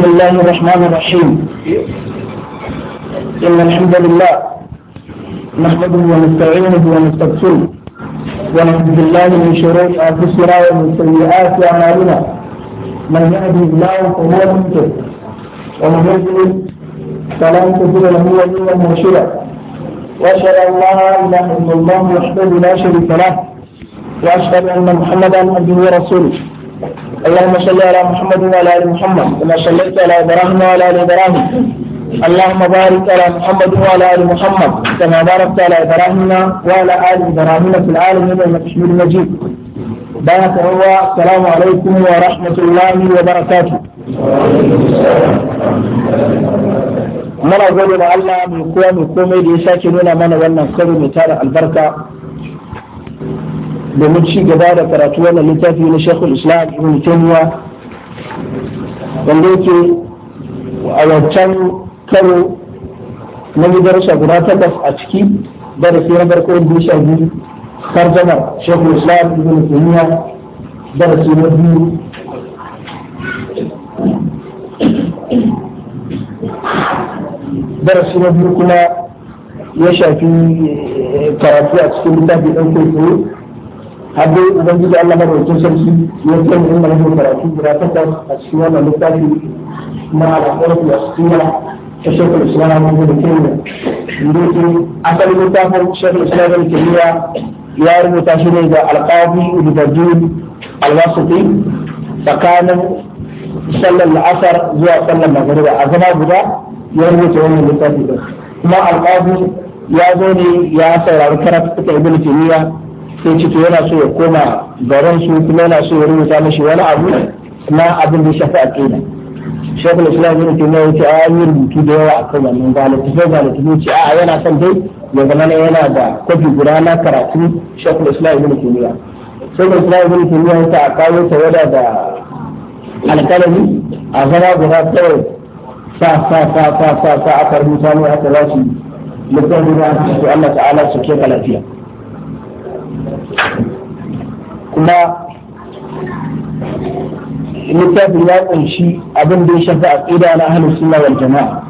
بسم الله الرحمن الرحيم إن الحمد لله نحمده ونستعينه ونستغفره ونعوذ بالله من شرور أنفسنا ومن سيئات أعمالنا من يهده الله فهو مهتد ومن يضلل فلا تجد له وليا مرشدا وأشهد أن لا إله إلا الله وحده لا شريك له وأشهد أن محمدا عبده ورسوله اللهم صل على محمد وعلى ال محمد كما صليت على ابراهيم وعلى ال ابراهيم اللهم بارك على محمد وعلى ال محمد كما باركت على ابراهيم وعلى ال ابراهيم في العالمين انك حميد مجيد بارك الله السلام عليكم ورحمه الله وبركاته muna gode da Allah mai kowa mai komai da ya sake nuna mana wannan karo mai tara albarka domin ci gaba da karatu wannan littafi na shekul islam ibn taymiya wanda yake a wancan karo na darasa guda takwas a ciki darasi na farko da ya shafi tarjamar shekul islam ibn taymiya darasi na biyu darasi na biyu kuma ya shafi eh, karatu a cikin littafi ɗan kwaikwayo har dai ubangiji Allah madaukakin sarki ya san inda muke karatu guda takwas a cikin wannan littafi na al'adar da sura ta shekul islam da da kenya inda ke asalin littafin shekul islam da kenya ya rubuta shi ne da alƙawabi ulubardun alwasuti tsakanin sallar la'asar zuwa sallar magariba a zama guda ya rubuta wannan littafi kuma alƙawabi ya zo ne ya saurari karatu ta ibn taymiya sai ciki yana so ya koma garin su kuma yana so ya rubuta mashi wani abu na abin da ya shafi da? shekul islam kuma ya ce a yi rubutu da yawa akan wannan ba littafai ba littafai ce a yana son dai ya zama yana da kofi guda na karatu kuma ya ibn da shekul islam kuma ya yace a kawo tawada da alkalami a zama guda kawai sa sa sa sa sa sa aka rubuta ne aka ba shi littafin da Allah ta'ala su ke lafiya kuma littafin ya kunshi abin da ya shafi aqida na ahlus sunna wal jama'a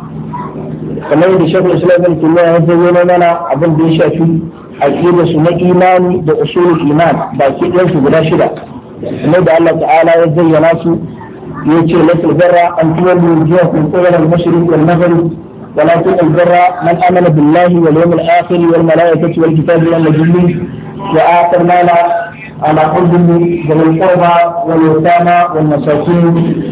kamar da shekul islam ibn taymiya ya zayyana mana abin da ya shafi aqida su na imani da usulul iman baki ɗayan su guda shida kamar da Allah ta'ala ya zayyana su yace lasul barra an tuwallu wujuhakum qibala al-mashriq wal maghrib ولكن البر من آمن بالله واليوم الآخر والملائكة والكتاب والنبيين وآخر مالا على قلب ذوي القربى واليتامى والمساكين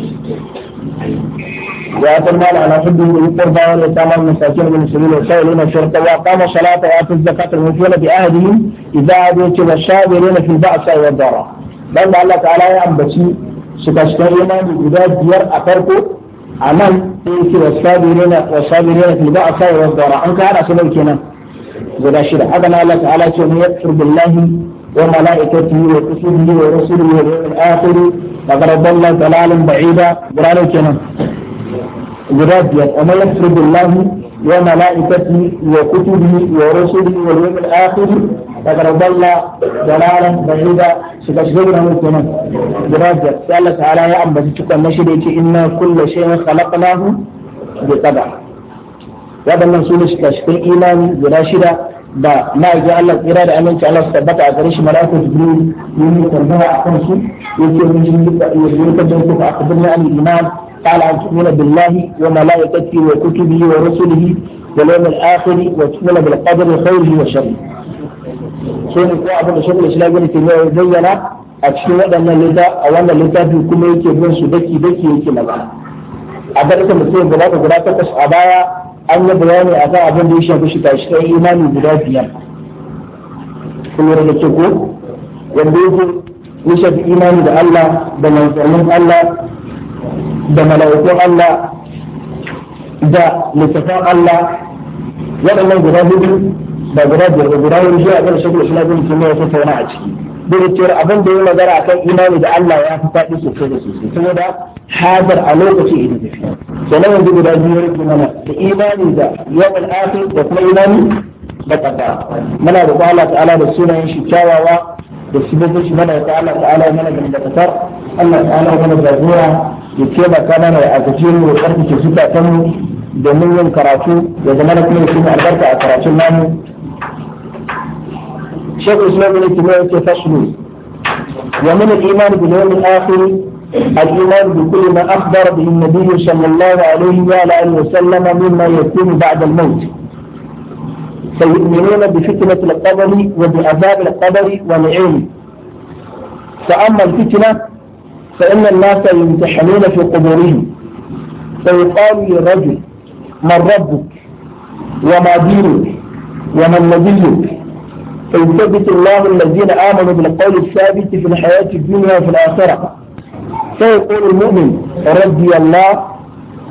وآتى المال على حب ذوي القربى واليتامى والمساكين من سبيل السائلين الشرطة وأقام الصلاة وآتى الزكاة الموفون بأهلهم إذا أديت والصابرين في البأس والضراء بل الله تعالى يا أمبتي سكشتر إيمان ديار أفرقه عمل إيه والصابرين والصابرين في البأس والضراء أنك على سبيل كنا زي شيء هذا الله تعالى يقول يكفر بالله وملائكته وكتبه ورسله واليوم الآخر لقد ضل ضلالا بعيدا قرانا كنا جراد وما يفرد الله وملائكته وكتبه ورسله واليوم الآخر لقد ضل ضلالا بعيدا شكشغلنا كنا جراد الله تعالى يا أم بسيتك النشر إنا كل شيء خلقناه بقدر هذا su ne shikashikan imani da ma'aikin Allah tsira da aminci Allah su tabbata a gare shi mala'ika jibril yin yi tambaya a kan su yake mun yi duka da ku a kabin na al-iman qala an tu'mina billahi wa malaikatihi wa kutubihi wa rusulihi wa yawmil akhir wa tu'mina bil qadri khayrihi wa sharrihi sai ne ko abin da shagul islam ne ke ya zayyana a cikin waɗannan lita a wannan littafi kuma yake bin su daki daki yake magana a garkar mutum guda guda takwas a baya an yi bayani a kan abin da ya shafi shika-shikan imani guda biyar kuma da ke ko wanda yake ya shafi imani da Allah da manzannin Allah da mala'ikun Allah da littafan Allah waɗannan guda biyu ba guda biyar ba guda hudu shi a kan shakul islam bin kimiyya ta tauna a ciki dole cewa abin da ya magana akan imani da Allah ya fi faɗi sosai da sosai saboda hadar a lokaci idan tafi kenan yanzu guda biyu ya rike mana da imani da yawan akhir da kuma imani da kaddara muna da Allah ta'ala da sunayen shi kyawawa da sibobin shi mana da Allah ta'ala mana da kaddara Allah ta'ala mana jagora ya taimaka mana ya agajiyar mu da karfafa zukatan mu domin yin karatu ya zama na kuma shi albarka a karatun namu Shekul Islam ne kuma yake fasulu wa min al-iman bil yawm al-akhir الإيمان بكل ما أخبر به النبي صلى الله عليه وآله وسلم مما يكون بعد الموت فيؤمنون بفتنة القبر وبعذاب القبر ونعيمه فأما الفتنة فإن الناس يمتحنون في قبورهم فيقال للرجل من ربك وما دينك ومن نبيك فيثبت الله الذين آمنوا بالقول الثابت في الحياة الدنيا وفي الآخرة فيقول المؤمن ربي الله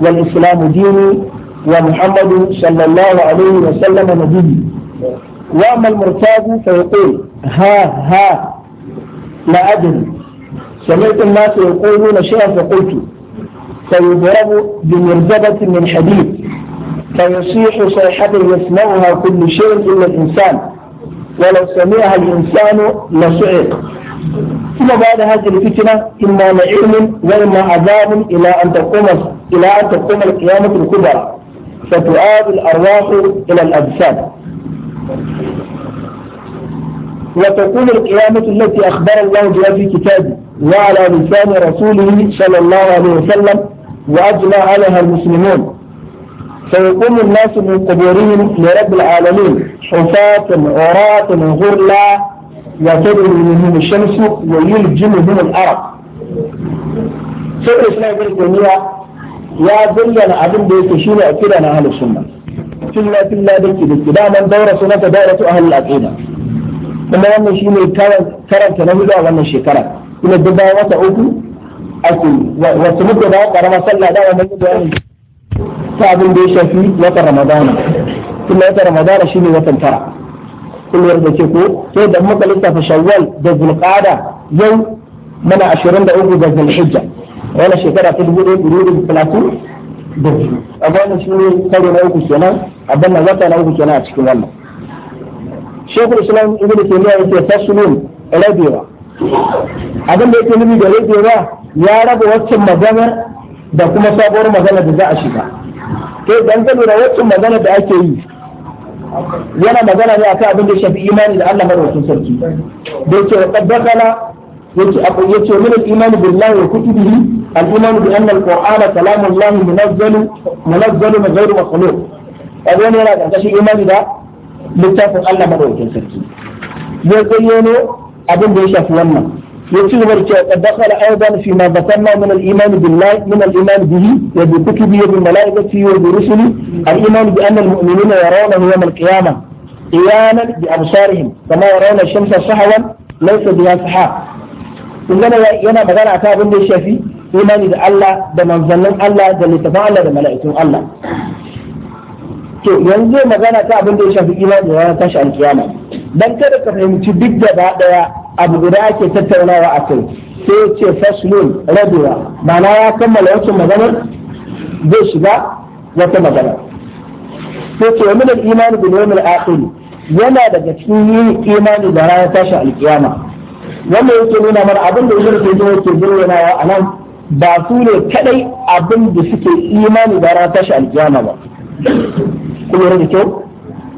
والإسلام ديني ومحمد صلى الله عليه وسلم نبيي وأما المرتاب فيقول ها ها لا أدري سمعت الناس يقولون شيئا فقلت فيضرب بمرزبة من حديد فيصيح صيحة يسمعها كل شيء إلا الإنسان ولو سمعها الإنسان لصعق ثم بعد هذه الفتنة إما لعلم وإما عذاب إلى أن تقوم إلى أن تقوم القيامة الكبرى فتعاد الأرواح إلى الأجساد وتكون القيامة التي أخبر الله بها في كتابه وعلى لسان رسوله صلى الله عليه وسلم وأجمع عليها المسلمون فيقوم الناس من قبورهم لرب العالمين حفاة عراة غرلا وتدعوهم الشمس ويلجمهم الأرض sai suna bin duniya ya bayyana abin da yake shine a kira na ahlus sunna filla filla da ke da daman daura suna ta daura ta ahlul aqida kuma wannan shine karanta na hudu a wannan shekara kuma duk bayan wata uku ake wasu muke da karama sallah da wannan da wannan ta abin da ya shafi wata ramadana kuma wata ramadana shine watan tara kullum da ke ko sai da muka lissafa shawwal da zulqada yau muna 23 ga zulhijja wannan shekara ta 1430 da biyu abu wannan shi ne karo na uku kenan abin nan wata na uku kenan a cikin wannan shekul islam ibn taymiya yake fasulun rabewa abin da yake nufi da rabewa ya raba waccan maganar da kuma sabuwar maganar da za a shiga kai dan da waccan maganar da ake yi yana magana ne akan abin da ya shafi imani da Allah madaukakin sarki da yake wa qaddakala yace abu yace min al imani billahi wa kutubihi al imani bi anna al-qur'ana kalamullah munazzal munazzal min ghayri makhluq abin yana da kashi imani da littafin Allah madaukakin sarki zai zayyano abin da ya shafi wannan يتي ورجع دخل ايضا فيما ذكرنا من الايمان بالله من الايمان به وبكتبه وبالملائكه وبرسله الايمان بان المؤمنين يرونه يوم القيامه قيانا بابصارهم كما يرون الشمس صحوا ليس بها سحاب عندما ينا مغانا عطاء بن الشافي ايمان بالله الله ده من ظن الله ده اللي تفعل ده ملائكه الله to yanzu magana ta abin إيمان ya shafi iman da ya tashi alkiyama dan kada ka fahimci abu guda ake tattaunawa a kai sai ce faslun rabewa ma'ana ya kammala wacce maganar zai shiga wata magana sai ce wani da imanin bin yawmil akhir yana daga cikin imani da ranar tashi alkiyama wanda yake nuna mana abin da yake ke zuwa ke bayyanawa a nan ba su ne kadai abin da suke imani da ranar tashi alkiyama ba kuma da kyau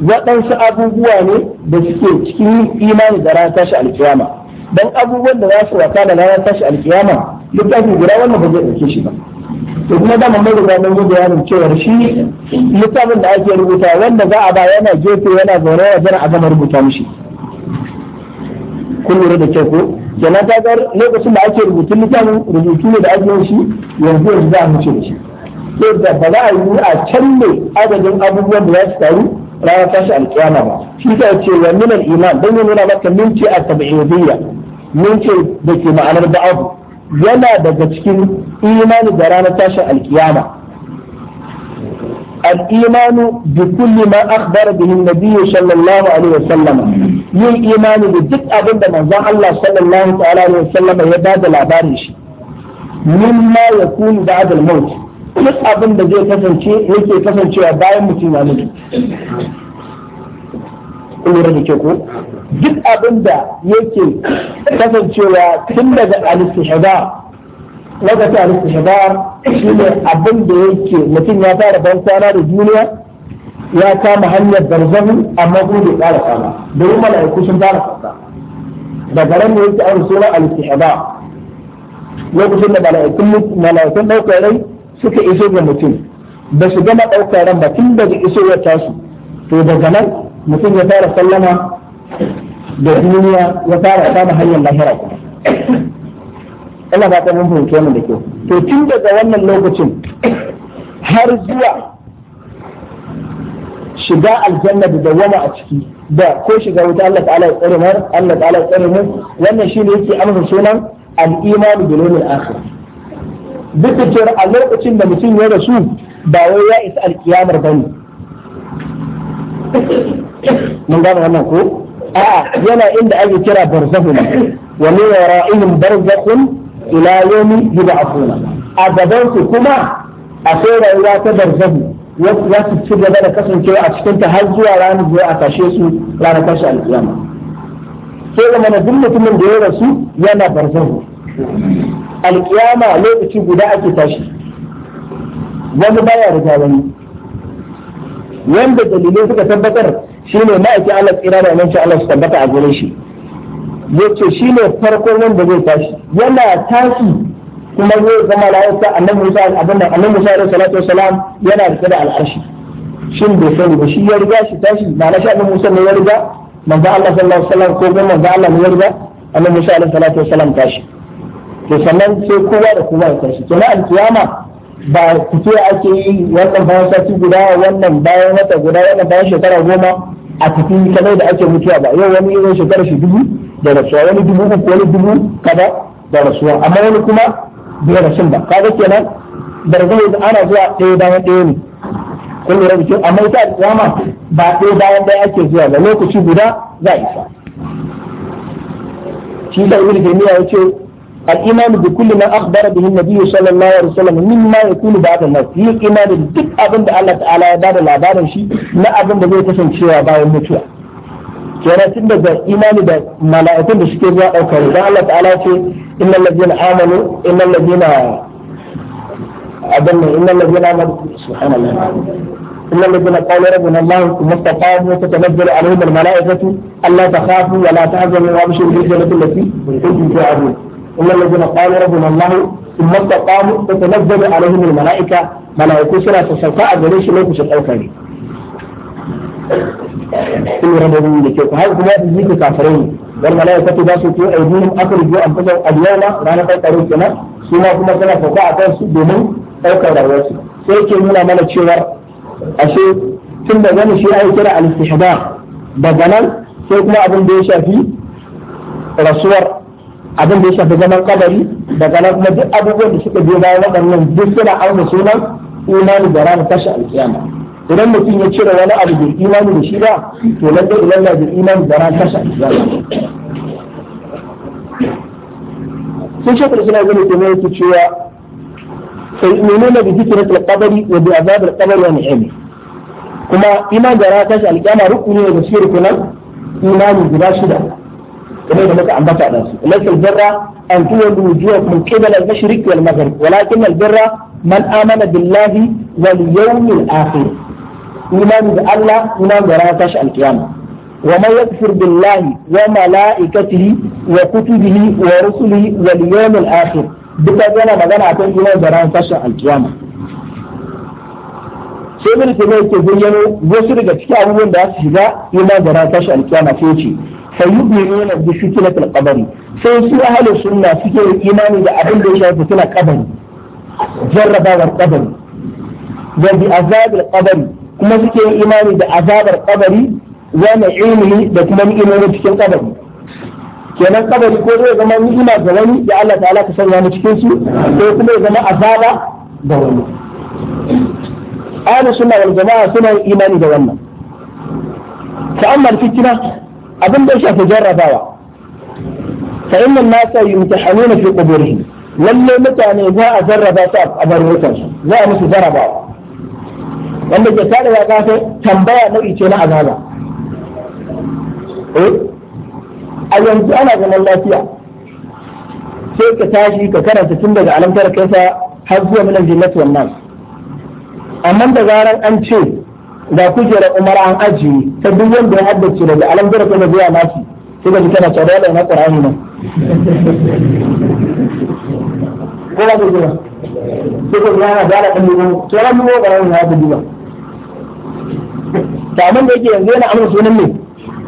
waɗansu abubuwa ne da suke cikin imani da ranar tashi alkiyama Don abubuwan da za su wata da ranar tashi alkiyama littafin guda wannan ba zai ɗauke shi ba to kuma da mun riga mun yi bayanin cewa shi littafin da ake rubuta wanda za a ba yana gefe yana zaune ya jira a gama rubuta mishi kun lura da kyau ko kenan ta ga lokacin da ake rubutun littafin rubutu ne da ake yin shi yanzu yanzu za a wuce da shi sai da ba za a yi a canne adadin abubuwan da za su taru ranar tashi alkiyama ba shi ta ce wa min iman dan ya nuna maka min ce at-tabi'idiyya min ce da ke ma'anar ba'abu yana daga cikin imani da ranar tashi alkiyama الإيمان بكل ما أخبر به النبي صلى الله عليه وسلم يل إيمان بدك أبدا من الله صلى الله عليه وسلم يبادل عبارش مما يكون بعد الموت duk abin da zai kasance yake kasancewa bayan mutum ya mutu lura da ke ko duk abin da yake kasancewa tun daga alistihada lokacin alistihada shi ne abin da yake mutum ya fara ban kwana da duniya ya kama hanyar barzahu amma kuma bai kara kama domin mala'iku sun fara kasa daga nan ne yake an sura alistihada lokacin da mala'ikun ɗaukar rai suka iso ga mutum ba su gama ɗaukar ran ba tun daga iso ya tasu to daga nan mutum ya fara sallama da duniya ya fara samun hanyar lahira Allah ba ta mun fahimce mu da kyau to tun daga wannan lokacin har zuwa shiga aljanna da dawama a ciki da ko shiga wuta Allah ta'ala ya tsare mu Allah ta'ala ya tsare mu wannan shine yake amsa sunan al-imanu bil akhir duk a lokacin da mutum ya rasu ba wai ya isa alkiyamar ba ne mun gane wannan ko a'a yana inda ake kira barzahu ne wa min wara'ihim barzakhun ila yawmi yub'athuna a gaban su kuma a sai rayuwa ta barzahu ya su ci gaba da kasance a cikin ta har zuwa ranar zuwa a tashe su ranar tashi alkiyama sai da mana duk mutumin da ya rasu yana barzahu alkiyama lokaci guda ake tashi wani baya riga wani wanda dalilai suka tabbatar shi ne ma'aikin Allah tsira da aminci Allah su tabbata a gare shi yace ne farkon wanda zai tashi yana tashi kuma zai zama layarsa annabi Musa abinda annabi Musa alaihi salatu wasalam yana rike da al'arshi shin bai sani ba shi ya riga shi tashi ba na sha Musa ne ya riga manzo Allah sallallahu alaihi wasallam ko manzo Allah ne ya riga annabi Musa alaihi salatu wasalam tashi to sannan sai kowa da kowa ya tashi kenan alkiyama ba fito ake yi wannan bayan sati guda wannan bayan wata guda wannan bayan shekara goma a tafi kamar da ake mutuwa ba yau wani yin shekara shi dubu da rasuwa wani dubu uku wani dubu kada da rasuwa amma wani kuma bai rasun ba kaga kenan dargawai ana zuwa ɗaya bayan ɗaya ne kun lura da kyau amma ita alkiyama ba ɗaya bayan ɗaya ake zuwa ba lokaci guda za a isa shi da jami'a ya ce. الإيمان بكل ما أخبر به النبي صلى الله عليه وسلم مما يكون بعد الموت هي إيمان بكل أبن الله تعالى يبار العبارة شيء ما أبن بزي كسن شيء بعد الموت kenan tun daga imani da mala'ikun da suke zuwa ɗaukar don Allah ta'ala ce innal ladzina amanu innal ladzina adanna innal ladzina amanu subhanallah إن الذين قالوا ربنا الله ثم استقاموا تتنزل عليهم الملائكة ألا تخافوا ولا تحزنوا وأبشروا بالجنة التي كنتم توعدون إلا الذين قالوا ربنا الله ثم استقاموا تتنزل عليهم الملائكة ملائكة سنة سوكا أدريش لكم شكاو كاري إن ربهم لكيكم هاي كما تزيك كافرين والملائكة باسطوا أيديهم أخرجوا أنفسهم اليوم رانا فايتارو كنا سنة كما سنة سوكا أتان سدومين أوكا دعواتي سيكي هنا مالا تشير أشي ثم ذلك شيء أي كرا الاستحضار بدلا سيكما أبن بيشا في رسول abin da ya shafi zaman kabari daga nan kuma duk abubuwan da suka biyo bayan waɗannan duk suna auna sunan imani da ranar tashi alkiyama idan mutum ya cire wani abu da imani da shi ba to lalle idan da imani da ranar tashi alkiyama sun shafi da suna gani kuma yake cewa sai na kabari فيؤمنون بذكرة القبر وبعذاب القبر ونعمه كما إيمان جرى تاش القيامة ركن وبصير كنا imani guda shida kamar da muka ambata dan su laysal birra an tuwallu wujuhakum qibala al-mashriq wal maghrib walakin al-birra man amana billahi wal yawmil akhir imani da Allah ومن يكفر بالله وملائكته وكتبه ورسله واليوم الآخر duka yana magana a kan imani da ran sashen alkiyama sai bin ta mai ke bayyano wasu daga cikin abubuwan da su shiga imani ce fayu'minuna bi fitnatil qabri sai su ahlus sunna suke imani da abin da ya shafi fitnar jarrabawar qabri da bi azabil kuma suke imani da azabar qabri wa na'imihi da kuma ni'imomi cikin qabri kenan kabari ko zai zama ni'ima ga wani da Allah ta'ala ka sanya mu cikin su ko kuma ya zama azaba ga wani ahlus sunna wal jama'a suna imani da wannan fa amma fitina abin da shafi jarrabawa fa inna nasa yumtahanuna fi quburihim lalle mutane za a jarraba su a kabarukan su za a musu jarrabawa wanda ke tada ya kafa tambaya nau'i ce na azaba eh? a yanzu ana zaman lafiya sai ka tashi ka karanta tun daga alamtar kaisa har zuwa minan jinnati wannan amma da zaran an ce da kujerar umara an ajiye ta duk wanda ya haddace daga alhamdulillah kuma zuwa nasi sai ka kana tsada da na qur'ani nan ko ba ku sai ka yana da ala kallo to ran mu ba ran ya duba ta amma da yake yanzu yana amsa sunan ne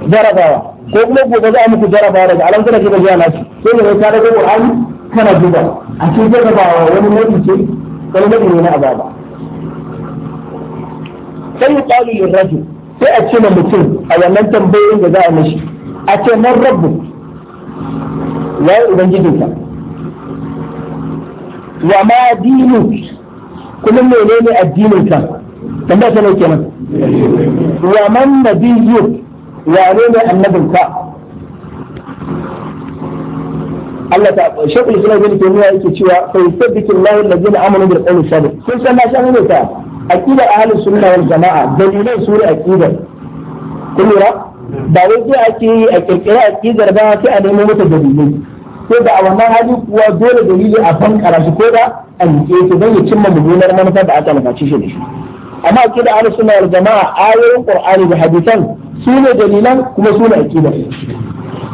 jarabawa ko kuma gobe za a muku jarabawa daga alhamdulillah kuma zuwa nasi sai ka ka da qur'ani kana duba a cikin jarabawa wani mutum ce kalmar ne na azaba sai ya qalu lil rajul sai a ce ma mutum a wannan tambayoyin da za a mishi a ce man rabbu ya yi ka? wa ma dinu kullum menene addininka tambaya ta nake nan wa man nabiyyu wa ne annabinka Allah ta shekul islam bin tumiya yake cewa fa yusabbitu Allahu alladhina amanu bil qawli sabit sun san na shan ne ta aqidar ahlus sunna wal jama'a dalilan su ne aqidar kun ba wai sai ake yi a kirkira aqidar ba sai a nemo mata dalilai ko da a wannan hali kuwa dole dalili a bankara shi ko da a rike shi don ya cimma mummunar manufar da aka nufaci shi da shi amma aqidar ahlus sunna wal jama'a ayoyin qur'ani da hadisan su ne dalilan kuma su ne aqidar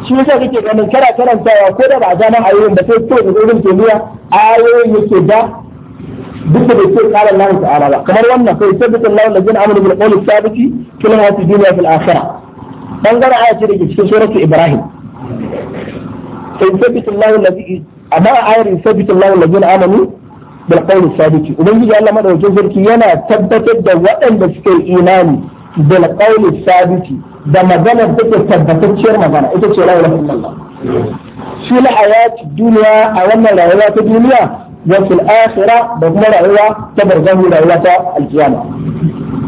shi yasa kake ganin kana karantawa ko da ba a zama ayoyin ba sai ko da irin tamiya ayoyin yake da duk da bai ce qala Allah ta'ala ba kamar wannan sai sabita Allah allazina amanu bil qawli sabiti fil hayati dunya fil akhirah bangare aya ce dake cikin suratul Ibrahim sai sabita Allah allazi amma ayar sabita Allah allazina amanu bil qawli sabiti ubangiji Allah madaukakin sarki yana tabbatar da waɗanda suka yi imani bil qawli sabiti da magana take tabbatacciyar magana ita ce la ilaha illallah shi la hayati duniya a wannan rayuwa ta duniya وفي الآخرة بمرة هو تبر جمه رؤية الجامعة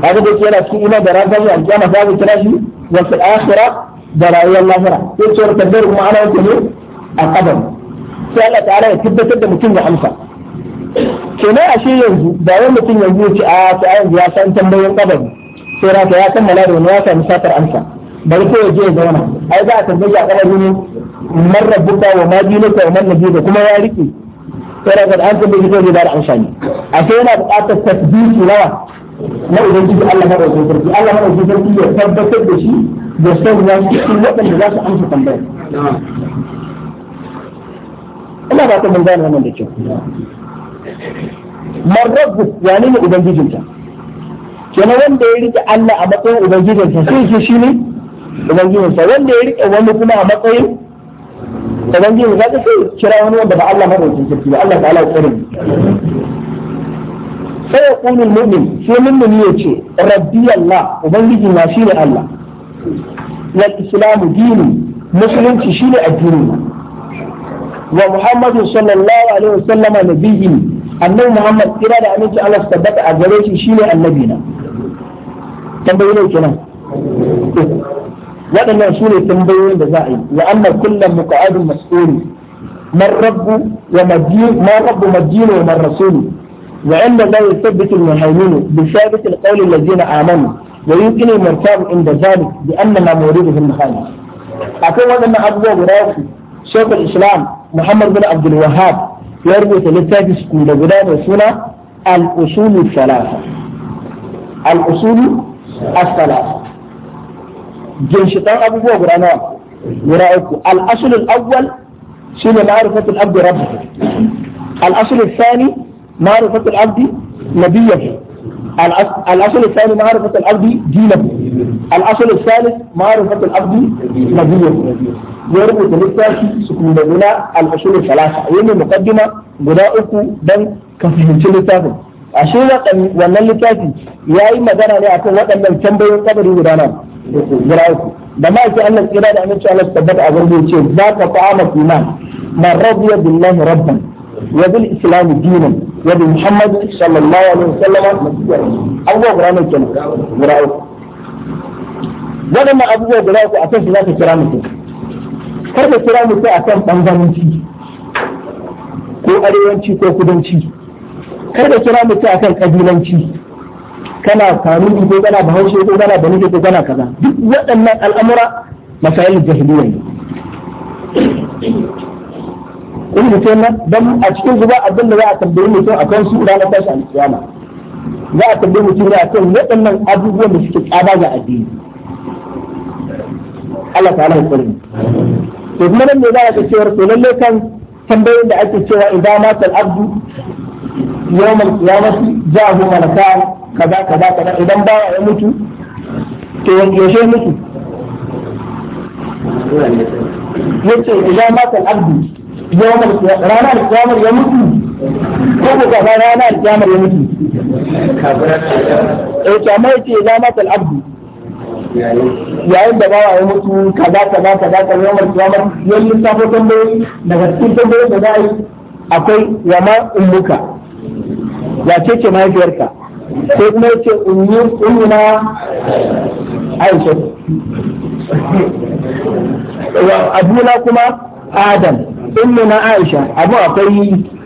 هذا بيكيرا في إما برازه الجامعة هذا كراجي وفي الآخرة برأي الله هنا يتصور تبير معنا وكذلك القدم سألت تعالى كبة كبة مكين وحمسة كما أشي ينزو دعوان مكين ينزو تآت آيان جياسة انت مبين القدم سيرا تياسة ملاد ونواسة مساتر أمسا بل كي يجي يزونا أيضا تبجع قدمه مرة بكة وما دينك ومن نجيبه كما يعرفه sai da an tambaye shi zai ba da amsa ne a sai yana buƙatar tasbihi nawa na ubangiji Allah madaukakin sarki Allah madaukakin sarki ya tabbatar da shi da sanya shi cikin waɗanda za su amsa tambayar ina ba ta mun gane wannan da kyau marrabu ya ne ubangijinta kenan wanda ya rike Allah a matsayin ubangijinsa sai shi shine ubangijinsa wanda ya rike wani kuma a matsayin ubangiji za ka sai kira wani wanda ba Allah madaukakin sarki ba Allah ta'ala ya tsare sai ya kuni mu'min sai mu'min ya ce rabbi Allah ubangiji na shi ne Allah wal islamu dini musulunci shi ne addini wa muhammadu sallallahu alaihi wasallam nabiyyi annabi muhammad kira da aminci Allah tabbata a gare shi shine annabi na tambayi ne kenan waɗannan su ne tambayoyin da za a yi wa anna kullum muqa'adun mas'uli man rabbu wa madin man rabbu madinu wa man rasulu wa inda la yuthabbitu al-muhaymin bi thabit al-qawli alladhina amanu wa yumkinu al-martab inda zalik bi anna ma muriduhu al-muhaymin akan waɗannan abubuwa guda uku shaykh al-islam muhammad bin abdul wahhab ya rubuta littafi su da guda mai suna al-usul al-thalatha al-usul al-thalatha ginshiƙan أبو بوغر أنا ورأيكم الأصل الأول سنة معرفة awwal ربه الأصل الثاني معرفة al نبيه الأصل الثاني معرفة العبد دينه الأصل الثالث معرفة العبد نبيه يربط للتاكي سكون بنا الأصول الثلاثة وين مقدمة بناؤك دن كفهمت للتاكي a shi wannan littafi ya yi magana ne akan waɗannan tambayoyin kabari guda nan guda uku da ma yake Allah tsira da aminci Allah tabbata a garbe ce za ka fa'ama iman man radiya billahi rabban wa bil islam dinan wa bi muhammad sallallahu alaihi wasallam abubuwa guda nan kenan guda uku waɗannan abubuwa guda uku akan su za ka kira mutum kar ka kira mutum akan bangaranci ko arewanci ko kudanci kai da kira mutu a kan ƙabilanci kana kanuni ko kana bahaushe ko kana banuke ko kana kaza duk waɗannan al'amura masayil jahiliya ne in mutum nan dan a cikin zuba abin da za a tambayi mutum a kan su ranar tashi alƙiyama za a tambayi mutum ne a kan waɗannan abubuwan da suke tsada ga addini Allah ta'ala ya tsare to kuma nan ne za a ga cewa to lalle kan tambayoyin da ake cewa idan matal abdu yawm al-qiyamati ja'ahu malakan kaza kaza kaza idan bawa ya mutu to yaushe mutu yace idan mata al-abdu yawm ranar qiyamar ya mutu ko ko kaza ranar qiyamar ya mutu eh to amma yace idan mata al-abdu yayin da bawa ya mutu kaza kaza kaza kaza yawm al yayin safo tambayoyi daga cikin tambayoyin da za a yi akwai wama ummuka wace ce mahaifiyarka sai kuma yace ummi ummuna aisha wa abuna kuma adam ummuna aisha abu akwai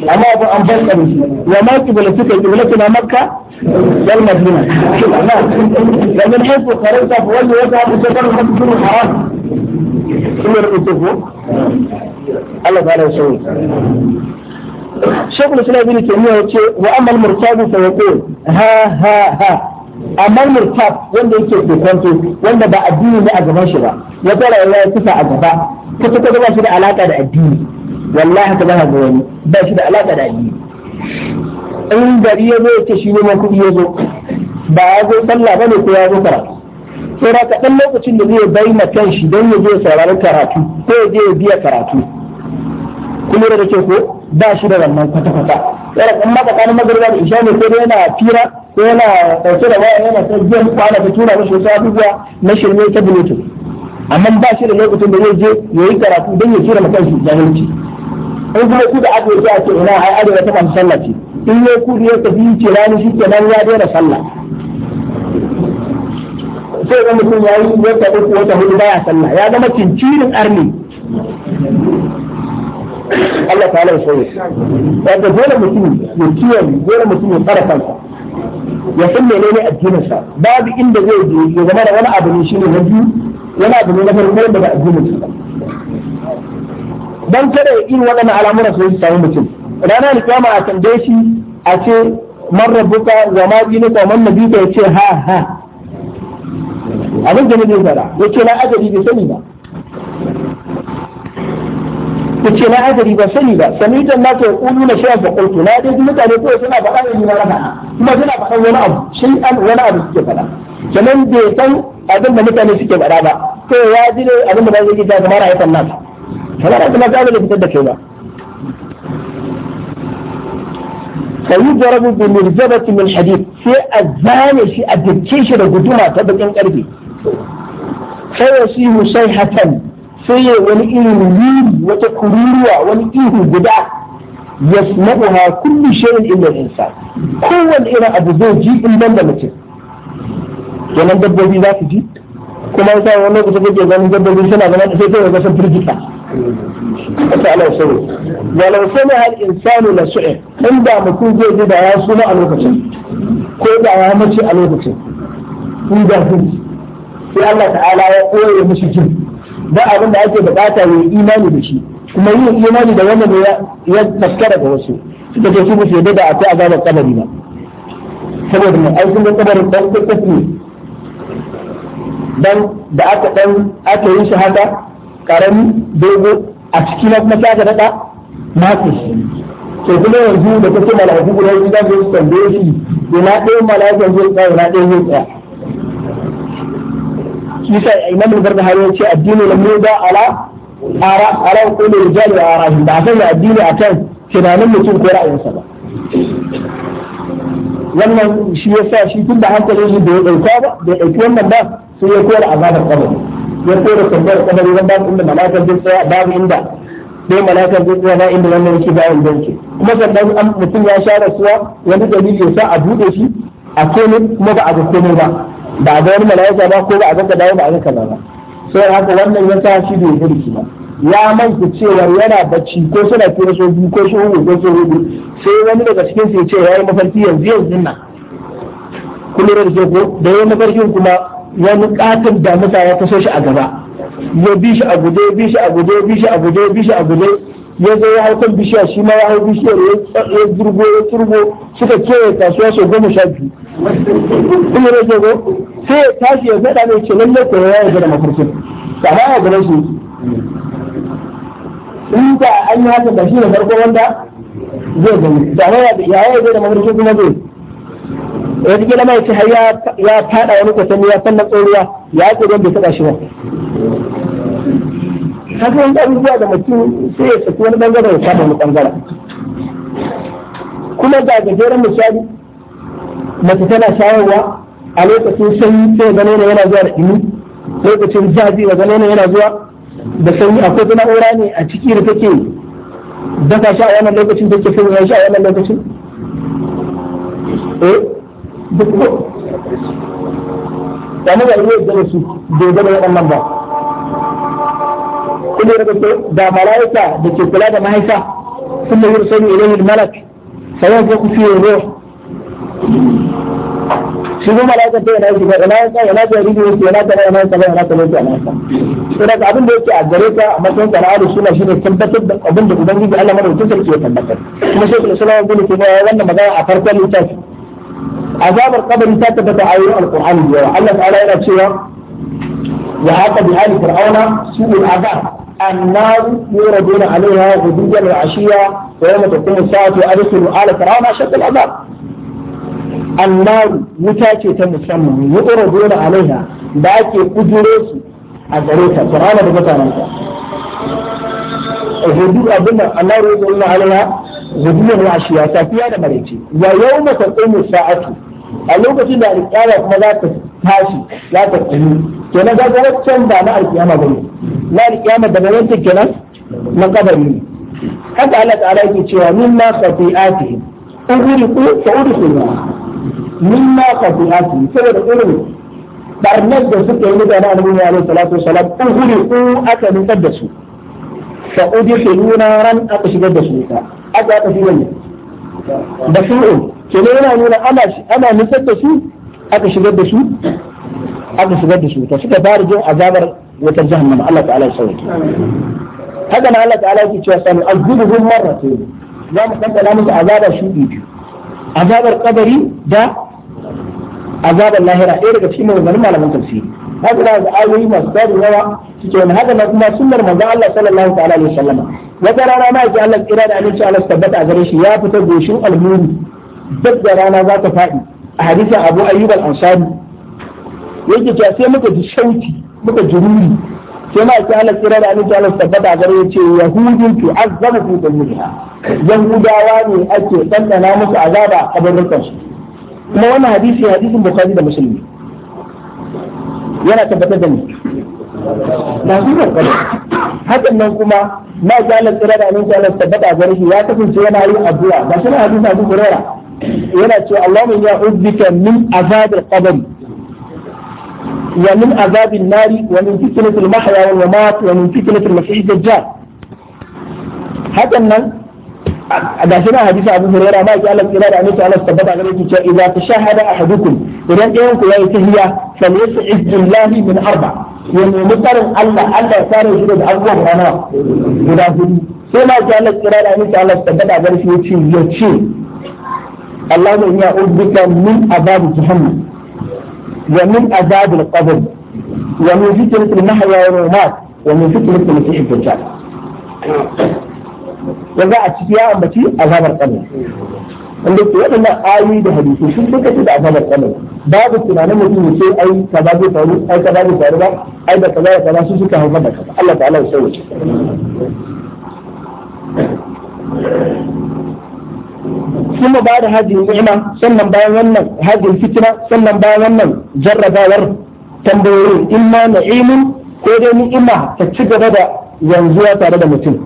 amma abin an bar tsaro wa ma kibla suka kibla kina makka wal madina da min haifu karanta fa wanda wata abu ce kan mutum haram kuma rubutu ko Allah ta rai sauyi Shekul Islam bin Taymiyyah ya ce wa amal murtabi fa yaqul ha ha ha amma murtab wanda yake kokonto wanda ba addini ne a gaban shi ba ya tsara ya kusa a gaba kusa ko ba shi da alaka da addini wallahi ta bana ga wani ba shi da alaka da addini in gari ya zo yace shi neman kuɗi ya zo ba ya zo sallah bane ko ya zo karatu sai da kaɗan lokacin da zai bai na kan don ya je sauraron karatu ko ya je ya biya karatu kuma da ke ko ba shi da wannan kwata-kwata sai in maka kanin magarba da isha ne ko dai yana fira ko yana ɗauke da waya yana ta biyan kwana ta tura mashi wasu abubuwa na shirme ta bulutu amma ba shi da lokacin da zai je ya yi karatu don ya tura makan shi jahilci in kuma ku da aka yi a ce ina ai ajiye ta kan sallah ce in ya ku ya tafi ce rani shi nan ya daina sallah sai ga mutum ya yi wata uku wata hudu baya sallah ya zama cincirin arni Allah ta halar sauye yadda dole mutum ya kiyaye dole mutum ya fara kansa ya san menene addininsa babu inda zai je ya zama da wani abu ne shi ne na biyu wani abu ne na farko da ba addinin dan kada ya irin waɗannan al'amuran su samu mutum ranar alkiyama a tambaye shi a ce man rabbuka wa ma dinuka man nabika ya ce ha ha abin da nake fara ya ce na ajali bai sani ba ya ce na ajali ba sani ba sami ta na ta ƙulu na shi'a da ƙultu na dai mutane ko suna faɗa da nuna raka kuma suna faɗan wani abu shi an wani abu suke faɗa kenan bai san abin da mutane suke faɗa ba to ya ji ne abin da ba zai gida kamar a yi nasa. kamar da maza ne fitar da kai ba فيضرب بمرجبة من حديد في الزانة في الدكيش لقدومة تبقى قلبي فيصيه صيحة في ولئيه مين وتكريرها ولئيه بدع يسمعها كل شيء إلا الإنسان هو إلى أبو زوجي إلا لمته kenan dabbobi za su ji kuma yasa wani lokaci kake ganin dabbobi suna zama da sai kai ga sun firgita Allah walau sani har insanu la su'in in da mutum zai ji da ya suna a lokacin ko da ya mace a lokacin in da jin sai Allah ta'ala ya koye mishi jin ba abin da ake bukata yi imani da shi kuma yin imani da wannan ya taskara ga wasu suka ce su ba su da akwai azabar kabari ba saboda mai aikin da kabarin dan kuka dan da aka dan aka yi shi haka karami dogo a ciki na kuma sai aka daɗa masu shi to kuma yanzu da kake mala'iku guda biyu da su tambaye shi yana ɗaya mala'ikan zai tsaya ina ɗaya zai tsaya yasa imam al-barbahari yace addini lam yuda ala ara ala qul rijal wa arahim ba san addini akan tunanin mutum ko ra'ayinsa ba wannan shi yasa shi tunda hankalin shi bai dauka ba bai dauki wannan ba sai ya kora azabar kabari ya kora tambayar kabari wanda inda malakar zai tsaya babu inda dai malakar zai tsaya ba inda wannan yake ba inda kuma sannan an mutum ya sha rasuwa wani dalili ya sa a bude shi a komai kuma ba a ga komai ba ba a ga wani malaka ba ko ba a ga kadawa ba a ga kaza ba sai haka wannan ya sa shi bai burki ba ya manta cewa yana bacci ko suna kira so biyu ko so uku ko so hudu sai wani daga cikin su ya ce yayi mafarki yanzu yanzu na kullum da ko da yayi mafarkin kuma wani katin da musa ya taso shi a gaba ya bi shi a guje bi shi a guje bi shi a guje bi shi a guje ya zo ya hau bishiya shi ma ya hau bishiyar ya zurgo ya turbo suka kewaye kasuwa sau goma sha biyu kuma rage go sai ya tashi ya faɗa mai ce lallai ko ya yarda da mafarkin ka ba ya gane shi in ka an yi haka da shi da farko wanda zai gani da ya yarda da mafarkin kuma zai wata gina mai har ya fada wani kwatanni ya sannan tsoriya ya ake don bai saba shi ba haka yin abubuwa da mutum sai ya saki wani bangare ya saba wani bangare kuma ga gajeren misali mace tana shayarwa a lokacin sanyi sai ga nono yana zuwa da ɗumi lokacin zafi ga nono yana zuwa da sanyi akwai ta na'ura ne a ciki da take dafa shi a wannan lokacin take sanya shi a wannan lokacin eh duk da mu ga iya da su bai ga waɗannan ba kuma da kake da malaika da ke kula da mahaifa kuma yursalu ilayhi al-malak fayanfuku fi ruh shi kuma malaika ta yana yi ga ina ka yana da rubi yake yana da yana da yana da yana da sai da abin da yake a gare ka a matsayin ka na ahlus sunna shine tabbatar da abin da ubangiji Allah madaukakin sarki ya tabbatar kuma shekul islam ibn taymiya wannan magana a farkon littafi عذاب القبر كتبت آيات القرآن وحل تعالى إلى شيئا وحاق بآل فرعون سوء العذاب النار يوردون عليها غدوا وعشيا ويوم تقوم الساعة أرسلوا آل فرعون أشد العذاب النار متاكي تم السمم يوردون عليها باكي قدروس أزريتها فرعون بمتانا غدوا أبنى النار يوردون عليها غدوا وعشيا تاكيا نمريتي ويوم تقوم الساعة a lokacin da alƙiyama kuma za ta tashi za ta tsini kenan ga wancan ba na alƙiyama ba ne na alƙiyama daga wancan kenan na kabari ne haka Allah ta'ala yake cewa min ma khati'atihim ughriqu fa udkhilu min ma khati'atihim saboda irin barnar da suka yi mutane a ya alaihi salatu wasalam ku aka nutsar da su fa udkhilu ran aka shigar da su aka aka shigar da su da fi'il kenan yana nuna ana ana nufar da su aka shigar da su aka shigar da su to suka fara jin azabar wutar jahannama Allah ta'ala ya sauke haka nan Allah ta'ala yake cewa sanu azibuhum marratayn za mu kankana musu azabar shudi biyu azabar kabari da azabar lahira ɗaya daga cikin maganganun malaman tafsiri haka da ayoyi masu tsari yawa suke wani haka na kuma sunnar manzon Allah sallallahu wata rana ma yake Allah kira da annabi Allah tabbata a gare shi ya fita goshin almuni duk da rana za ta faɗi a hadisin Abu Ayyub al-Ansari yake cewa sai muka ji shauki muka ji ruri sai ma yake Allah kira da annabi Allah tabbata a gare shi ce yahudin tu'azzabu fi ake musu a kabarin kuma wannan hadisi hadisin Bukhari da Muslim yana tabbatar da ni na zuwa kada hakan nan kuma ma jalar tsira da amin jalar tabbata gare shi ya kasance yana yin addu'a ba shi na hadisi Abu Hurairah yana cewa Allahumma ya ubbika min azab al-qabr wa min azab an-nar wa min fitnat al-mahya wal mamat wa min fitnat al-masih dajjal hakan nan a gashi na hadisi Abu Hurairah ma jalar tsira da amin jalar tabbata gare shi cewa idza tashahada ahadukum idan ɗayan ku yayi tahiyya fal yas'id billahi min arba ya nemi tsarin Allah Allah ya tsare shi daga abubuwan rana guda hudu sai ma ta Allah kira da miki Allah ta bada garfi yace yace Allahumma inni a'udhuka min adhab jahannam wa min adhab al-qabr wa min fitnat al-mahya wa al-mamat wa min fitnat al-masih ad-dajjal yanzu a ciki ya ambaci azabar qabr wanda ke waɗannan ayoyi da hadisi sun suka ce da azabar kamar babu tunanin mutum ya ce ai kaza zai faru ai kaza zai faru ba ai da kaza da kaza su suka haifar da kaza Allah ta'ala ya sauke ثم بعد هذه النعمة سنن بعد ونن هذه الفتنة سنن بعد ونن جرب ور تنبوين إما نعيم ko dai ni'ima ta ci gaba da yanzuwa tare da mutum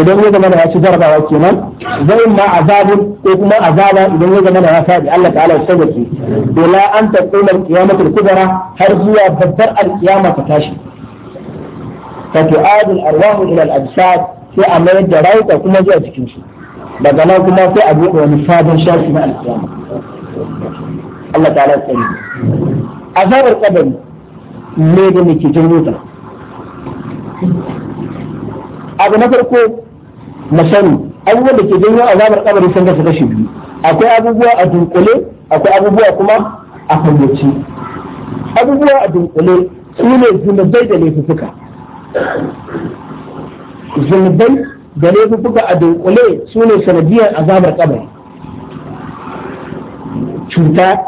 idan ya zama ya ci jarabawa kenan zai ma azabun ko kuma azaba idan ya zama ya fadi Allah ta'ala ya sauke bila an ta kuma kiyamatul kubra har zuwa babbar alkiyama ta tashi fa tu'adul arwah ila al-ajsad fi a da rauka kuma zuwa cikin su daga nan kuma sai a buɗe wani sabon shafi na alkiyama Allah ta'ala ya tsare azabar kabari ne da muke jin abu na farko masani abubuwa da ke janyo azabar kabari sun kasa kashi biyu akwai abubuwa a dunkule akwai abubuwa kuma a fayyace abubuwa a dunkule su ne zunubai da laifuka zunubai da laifuka a dunkule su ne sanadiyar azabar kabari cuta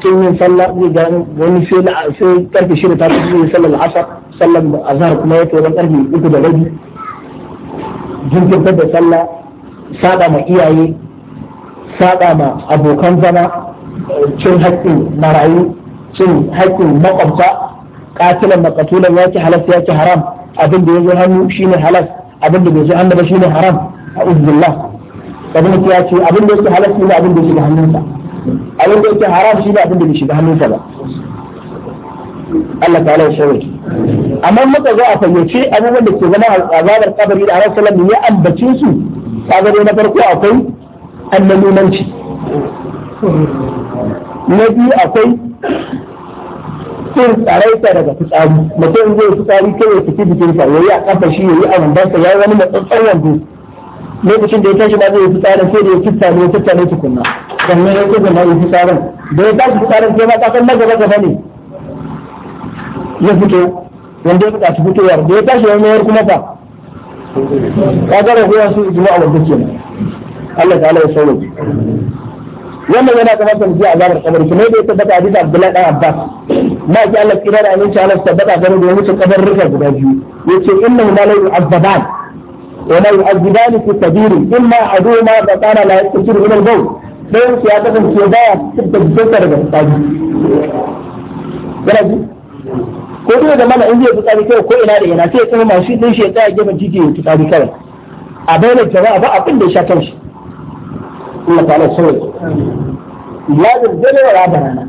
tun yin sallah zai ga wani sai karfe shida ta fi yin sallar asar sallar azhar kuma ya wani karfe uku da rabi jirgintar da sallah saba ma iyaye saba ma abokan zama cin haƙƙin marayu cin haƙƙin makwabta katilan makatulan ya ci halas ya ci haram abin da ya zo hannu shine halas abin da bai zo hannu ba shine haram a uzbillah abin da ya ce abin da yake halas ne abin da shiga hannunsa abin da yake haram shine abin da bai shiga hannunsa ba Allah ta'ala ya shawarci amma muka zo a fayyace abubuwan da ke zama azabar kabari da Annabi sallallahu ya ambace su kaga na farko akwai annabinanci na biyu akwai cin tsaraita daga fitsari mutum zai fitsari kai ya fiti jikinsa ya yi a kafa shi ya yi a rumbansa ya yi wani matsatsan wando lokacin da ya tashi ba zai yi fitsarin sai da ya fitsari ya fitsari tukunna sannan ya kuma ya fitsarin da ya tashi fitsarin sai ma kasan na gaba gaba ne ya fito wanda ya buƙaci fitowar da ya tashi wani mayar kuma fa ka ga raguwa su ijma'a wanda ke nan Allah ta'ala ya sauke wannan yana kamar ta mutu a zamar kamar kuma da ya tabbata hadisi Abdullahi dan Abbas ma ki Allah kira da aminci Allah tabbata gare da wuce kabar rika guda biyu yace inna ma la yu'azzaban wa la yu'azziban fi sabili imma aduma da kana la yasiru ila al-bawl dan su ya kasance baya tabbata daga tsari ko kuma da mana in zai tsari kawai ko ina da ina sai ya tsama mashi din shi ya tsaya gefen titi ya tsari kawai a bayyana jama'a ba abin da ya sha kanshi Allah ta'ala sai ya zai wa rabarana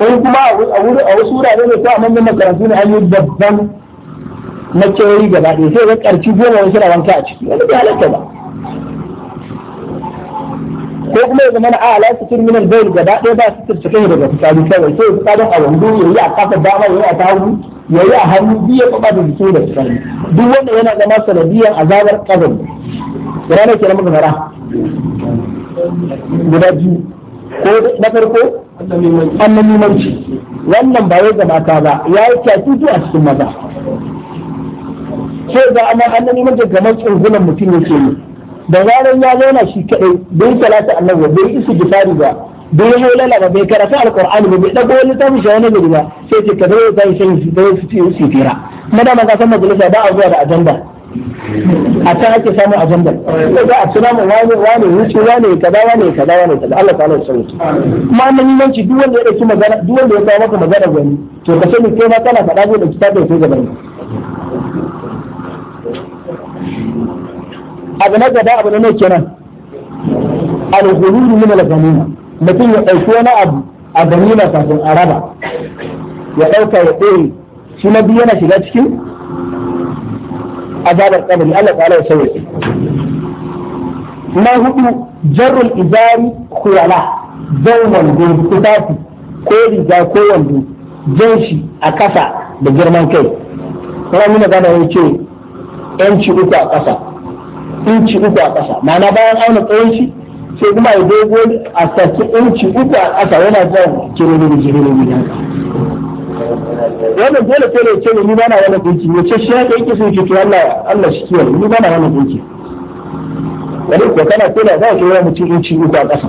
in kuma a wasu wurare ne ko a manyan makarantu ne an yi babban makewayi gaba ɗaya sai ya karci goma wasu na wanka a ciki wani bai halatta ba ko kuma ya zama na a la sitir min al gaba ɗaya ba sitir cikin daga fitsari kawai sai fitsarin a wando yi a kafa dama yi a ya yi a hannu biya kwaba da jikin da fitsari duk wanda yana zama sanadiyar azabar kazan na ke muka fara guda biyu ko na farko annamimanci wannan ba ya zama ta ba ya yi kyakutu a cikin maza sai ga amma annamimanci kamar tsurgunan mutum yake yi da zarar ya zauna shi kadai bai salatu annabi bai isu gifari ba bai haulala ba bai karatu alqur'ani ba bai dago wani tafi shi wani gari ba sai ce yi ya tafi shi da su ci su fira madama ka san majalisa ba a zuwa da ajanda a can ake samun ajandar ko za a kira mu wani wani wuce wani kaza wani kaza wani kaza Allah ta'ala ya sauke kuma mun yanci duk wanda ya dauki magana duk wanda ya kawo maka magana gani to ka sani kai ma kana faɗa ne da kitabin sai gaban abu na gaba abu na nake nan al min al mutum ya ɗauki wani abu a ganima kafin a raba ya ɗauka ya ɗore shi na biyu yana shiga cikin azabar kabari Allah ta'ala ya sauya na hudu jarrul izari khuyala jan wando tufafi ko riga ko wando jan shi a kasa da girman kai kuma muna gana ya ce yanci uku a kasa inci uku a ƙasa ma'ana bayan auna tsawon shi sai kuma ya dogo a saki inci uku a ƙasa yana jan kirori da kirori da wannan dole sai da ce ni bana wannan dinki ne ce shi ya kai kisan sun to Allah Allah shi kiyaye ni bana wannan dinki wani ko kana ko da za ka yi mutum inci uku a ƙasa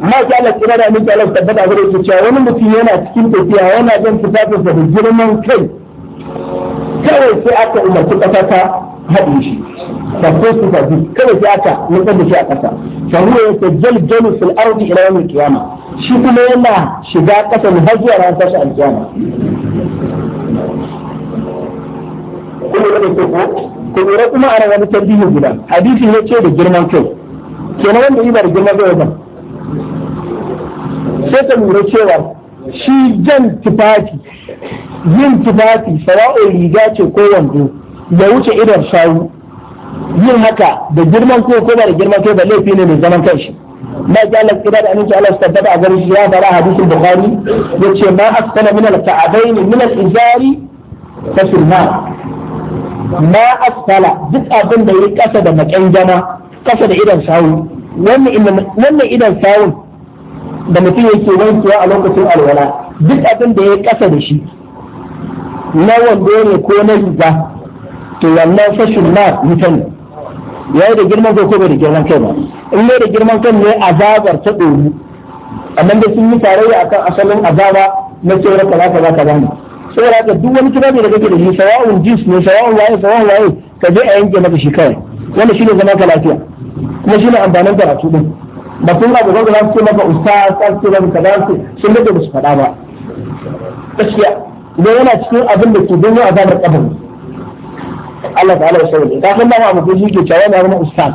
ma ki Allah kira da miki Allah tabbata gare ki cewa wani mutum yana cikin tafiya yana jan tufafin da girman kai kawai sai aka umarci ƙasa ta haɗe shi sabbin su fa kawai sai aka nufar da shi a ƙasa ta huwa yatajjaljalu fil ardi ila yawm al shi kuma yana shiga ƙasa har zuwa ran tashi al-qiyamah kuma da ko ko lura kuma ana wani tambihi guda hadisi ne ce da girman kai kenan wanda yi ba da girman kai ba sai ta lura cewa shi jan tufafi yin tufafi sawa'un riga ce ko wando ya wuce idan sawu yin haka da girman ko ko ba da girman kai ba laifi ne mai zaman kanshi ma ji Allah kira da aminci Allah su tabbata a garin shi ya fara hadisin bukhari yace ma asfala min al ne min al-izari fasulma ma asfala duk abin da ya kasa da makyanjama kasa da idan sawu wannan idan sawun da mutum yake wankewa a lokacin alwala duk abin da ya kasa da shi na wando ne ko na riga to wannan fashin na wuta ne ya yi da girman kai ko bai da girman kai ba in ne da girman kai ne azabar ta ɗori amma da sun yi tarayya akan asalin azaba na cewa kaza kaza kaza ne saboda haka duk wani kitabi da kake da shi sawa'un jins ne sawa'un waye sawa'un waye ka je a yanke maka shi kawai wanda shine zama ka lafiya kuma shine amfanin karatu din ba kun ga gobe za su ce maka ustaz sai su ce maka kaza sun da ba su faɗa ba gaskiya kuma yana cikin abin da ke janyo azabar kabari Allah ta'ala ya sauke ka san ba ma mutum shi ke cewa na wani ustaz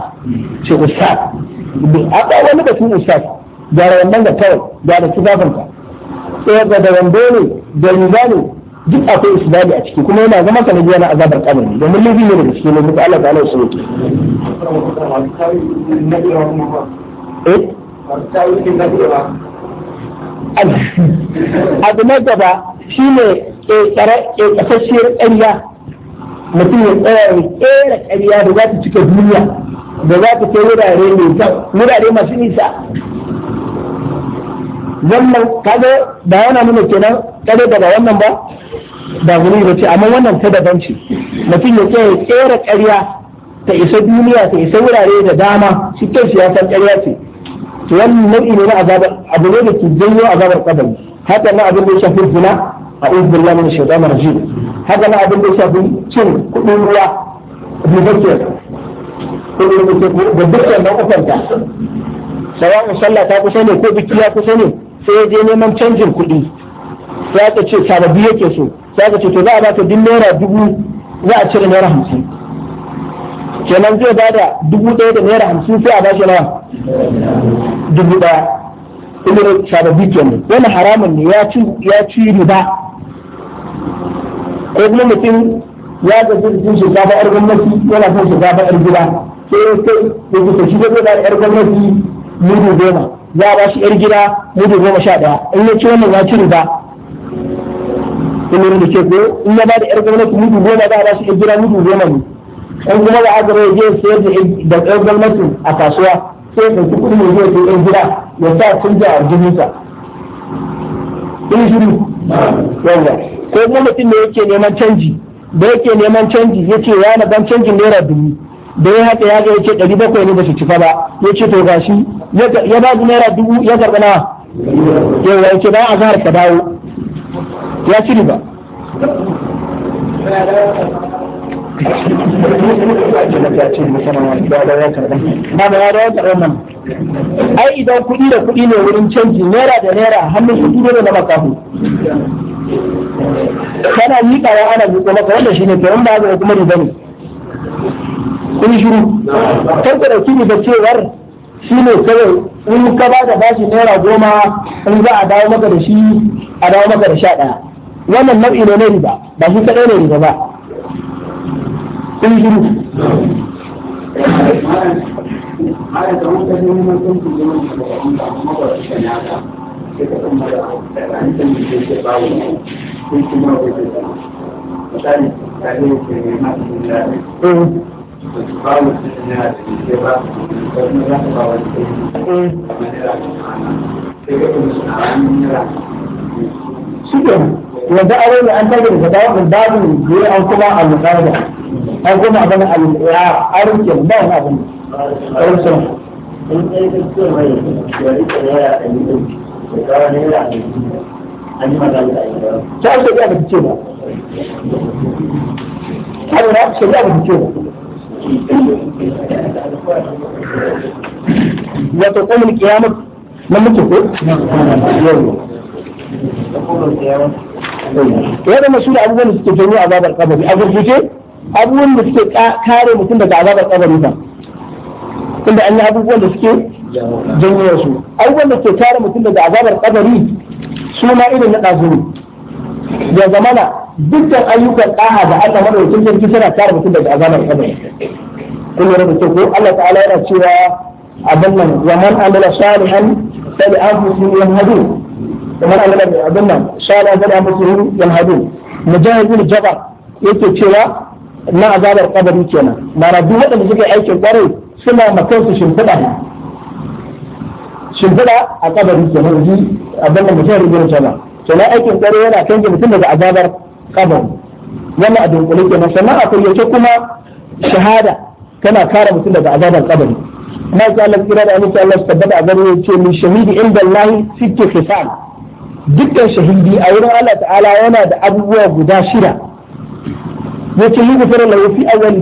ce ustaz a ba wani batun ustaz gara wannan da kawai gara kitabun ka sai ga da wando ne da riga ne duk akwai isbali a ciki kuma yana zama sanadi yana azabar kabari domin laifin ne daga cikin laifin Allah ta'ala ya sauke eh? abu na gaba shi ne ƙasasshiyar ƙarya mutum ya tsaya ya ƙera ƙarya da za ta cika duniya da za ta kai wurare mai kyau wurare masu nisa wannan kaga ba yana nuna kenan kare daga wannan ba ba guri ba ce amma wannan ta daban ce mutum ya tsaya ya ƙera ƙarya ta isa duniya ta isa wurare da dama shi kanshi ya san ƙarya ce to wannan nau'i ne na azabar abu ne da ke janyo azabar kabari haka na abin da ya shafi zina a'udhu billahi minash shaitanir rajim haka na abin da ya shafi cin kudin ruwa ribake kudin ribake da dukkan nau'ukanta sawa'un sallah ta kusa ne ko biki kusa ne sai ya je neman canjin kuɗi sai ce sababi yake so sai ce to za a baka duk naira dubu za cire naira hamsin kenan zai ba da dubu ɗaya da naira hamsin sai a ba shi nawa dubu ɗaya kenan wani haramun ne ya ci riba ko kuma mutum ya gaji da cin shinkafa yar gwamnati yana son shinkafa yar gida sai ya da kusa shi zai ba yar gwamnati mudu goma ya ba shi yar gida mudu goma sha ɗaya in ya ci wannan ya ci riba kuma da ke ko in ya ba da yar gwamnati mudu goma za a ba shi yar gida mudu goma ne in kuma da aka rai je sayar da da yar gwamnati a kasuwa sai ya ɗauki kuɗin da zai kai yar gida ya sa canja a jininsa. Ina shiru. Yawwa. ko kuma mutum da yake neman canji da yake neman canji ya ce ya na ban canjin naira dubu da ya haka ya ga ya ce ɗari bakwai ne ba su cika ba ya ce to gashi ya ba su naira dubu ya karɓi na yawa ya ce ba a zahar ka dawo ya ci riba ba da ya karɓi nan ai idan kuɗi da kuɗi ne wurin canji naira da naira hannun kuɗi ne na makahu kana yi miƙawa ana miƙo maka wanda shi ne to in ba ga kuma riba ne kun shiru kar ka dauki riba cewar shi ne kawai in ka ba da bashi naira goma in za a dawo maka da shi a dawo maka da sha ɗaya wannan nau'i ne na riba ba shi kaɗai ne riba ba kun shiru هذا تمام تسمى من كنت زمن مضى الشناعة كتكم مدى أنت من جنس الطاولة كنت مرضى جدا وثاني تعليم في نعمات الله تقاوم الناس في الرأس ومن الرأس والسيد ومن الرأس سبحانه سبحانه yanzu aure ne an tage da fatawa min babin da ya an kuma al-muqarada an kuma abin al-iya arkin ba wani abin arkin ta shari'a ba ta ce ba Allah shari'a ba ta ce ba وتقوم القيامة لما تقول يوم ya zama su da abubuwan da suke janyo azabar kabari a gurguje abubuwan da suke kare mutum daga azabar kabari ba tunda an yi abubuwan da suke janyo su abubuwan da suke kare mutum daga azabar kabari su ma irin na ɗazuru ya zamana dukkan ayyukan ɗaha da Allah madaukakin sarki suna kare mutum daga azabar kabari kun lura da ko Allah ta'ala yana cewa abin nan zaman amala salihan sai an fusu yan hadu kamar Allah abin nan sha Allah gada musu yamhadun mujahid bin jaba yake cewa na azabar kabari kenan mara duk waɗanda suka yi aikin kwarai suna makan su shimfiɗa shimfiɗa a kabari kenan ji abin da mutum rubuta jama to na aikin kwarai yana canje mutum daga azabar kabari wannan a dunkule kenan sannan a kuryace kuma shahada tana kare mutum daga azabar kabari ma sha Allah kira da annabi Allah tabbata a gare ya ce min shahidi inda Allah sitte khisal dukkan shahidi a wurin Allah ta'ala yana da abubuwa guda shida yace yi gufara lahu fi awwal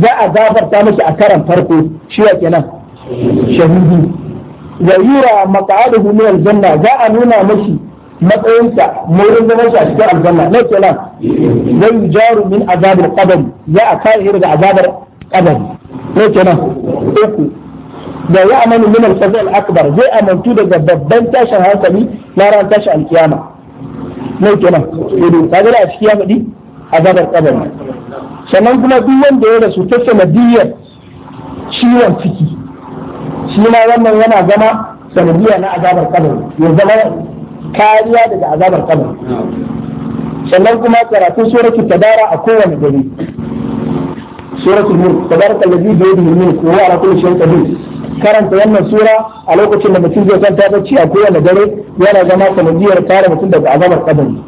za a gafarta masa a karan farko shi ya kenan shahidi wa yura maq'aduhu min aljanna za a nuna mashi matsayinsa maurin zaman shi a cikin aljanna na kenan wa yujaru min azabil qabr za a kare daga azabar qabr na kenan uku da ya amanu min al-fazl akbar zai amantu daga babban tashin hankali na ran tashin alkiyama mai kenan ido kaga a cikin ya faɗi azabar kabari sannan kuma duk wanda ya rasu ta sanadiyar ciwon ciki shi ma wannan yana zama sanadiyya na azabar kabari ya zama kariya daga azabar kabari sannan kuma karatun suratul tadara a kowane gari suratul mulk tabaraka allazi bi yadihi mulku wa ala kulli shay'in qadir karanta yannan sura a lokacin da mutum zai kwanta bacci a kowane dare yana zama sanadiyar kare mutum daga azabar kabari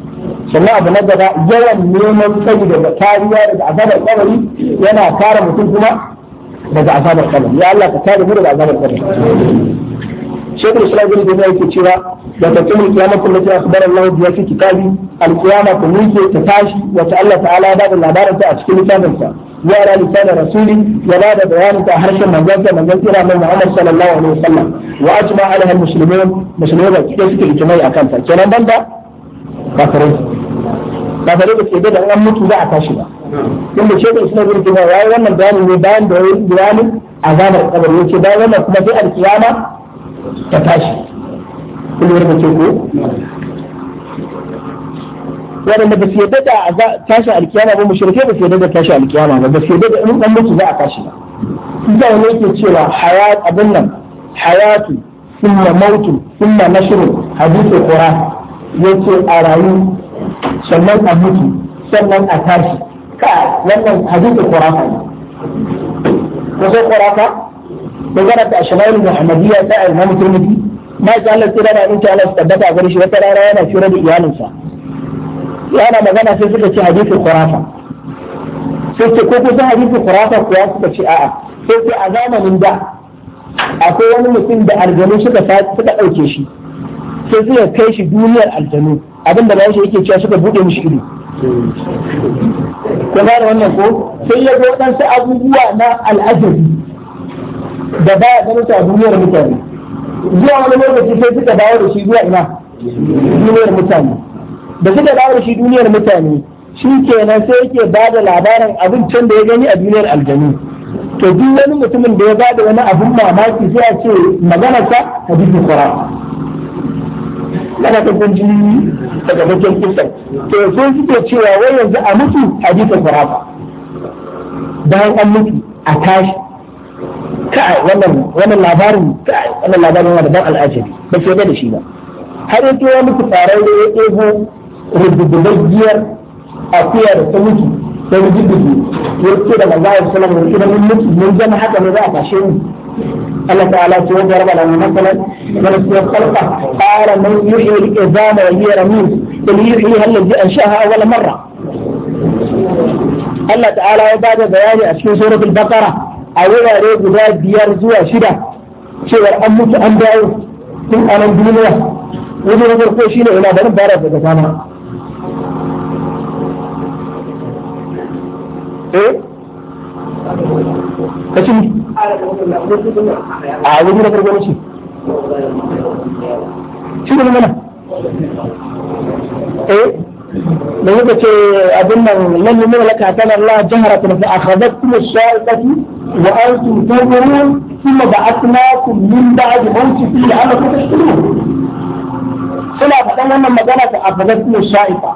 sannan abu na gaba yawan neman tsayi daga kariya daga azabar kabari yana kare mutum kuma daga azabar kabari ya Allah ka kare mu daga azabar kabari shekul islam bin da yake cewa وتكون القيامة التي أخبر الله بها في كتابه القيامة كميكي تتاشي وتألى تعالى باب العبارة أتكل لسانك وأرى لسان رسولي وبعد بيان تأهرش منزلت منزلت من محمد صلى الله عليه وسلم وأجمع عليها المسلمون مسلمون كيف تجمعي أكانتا كلام بلدا كافرين كافرين بس يبدأ أن موتوا لا أتاشي ثم شيخ الإسلام يقول كما رأي وأن البيان يبان بيان عذاب القبر يقول كما رأي وأن القيامة تتاشي kun lura da ko waɗanda ba su yarda da tashi alkiyama ba mushrike ba su yarda da tashi alkiyama ba ba su yarda da in ɗan mutu za a tashi ba kusa wani yake cewa hayat abin nan hayatu thumma mautu thumma nashrun hadithu qura yace a rayu sannan a mutu sannan a tashi ka wannan hadithu qura ne ko sai qura ka magana ta shamail muhammadiyya ta al-imam tirmidhi ma ki Allah tsira da inta Allah su tabbata gare shi wata rana yana tsira da iyalinsa yana magana sai suka ce hadithu khurafa sai ce ko kusa hadithu khurafa ko ya suka ce a'a sai ce a zamanin da akwai wani mutum da aljanu suka suka dauke shi sai suka kai shi duniyar aljanu abinda ba shi yake cewa suka bude mishi ido ko gane wannan ko sai ya ga waɗansu abubuwa na al'ajabi da ba ya ganin ta duniyar mutane zuwa wani lokaci sai suka dawo da shi zuwa ina duniyar mutane da suka dawo da shi duniyar mutane shi kenan sai yake ba da labarin abin can da ya gani a duniyar aljanu to duk wani mutumin da ya ba da wani abin mamaki sai a ce maganarsa hadisin qur'an kana ta kun ji daga bakin kisan to sai suke cewa wai yanzu a mutu hadisin qur'an bayan an mutu a tashi kai wannan wannan labarin kai wannan labarin yana da ban al'ajabi ba ke da shi ba har yake ya muku tsaron da ya ɗebo rubububaggiyar akuya da ta mutu ta rubububu ya ce da manzo Allah sallallahu alaihi wasallam mutu mun zama haka ne za a tashe mu Allah ta'ala ce wajen raba da masalan wani su kalka ƙara man yuhi al-izama wa hiya ramin bal yuhi allazi anshaha awwal marra Allah ta'ala ya bada bayani a cikin suratul baqara a wurare guda biyar zuwa shida cewar an mutu an dawo tun anan duniya wani na farko shine ina barin bara daga dama eh kacin a wani na farko shi shi ne mana eh da muka ce abin nan lan ne la ka kana Allah jaharatan fa akhadhatkum as-sa'atu wa antum tanzurun thumma ba'athnakum min ba'di mawtikum la'allakum tashkurun suna faɗan wannan magana ta akhadhatkum as-sa'ifa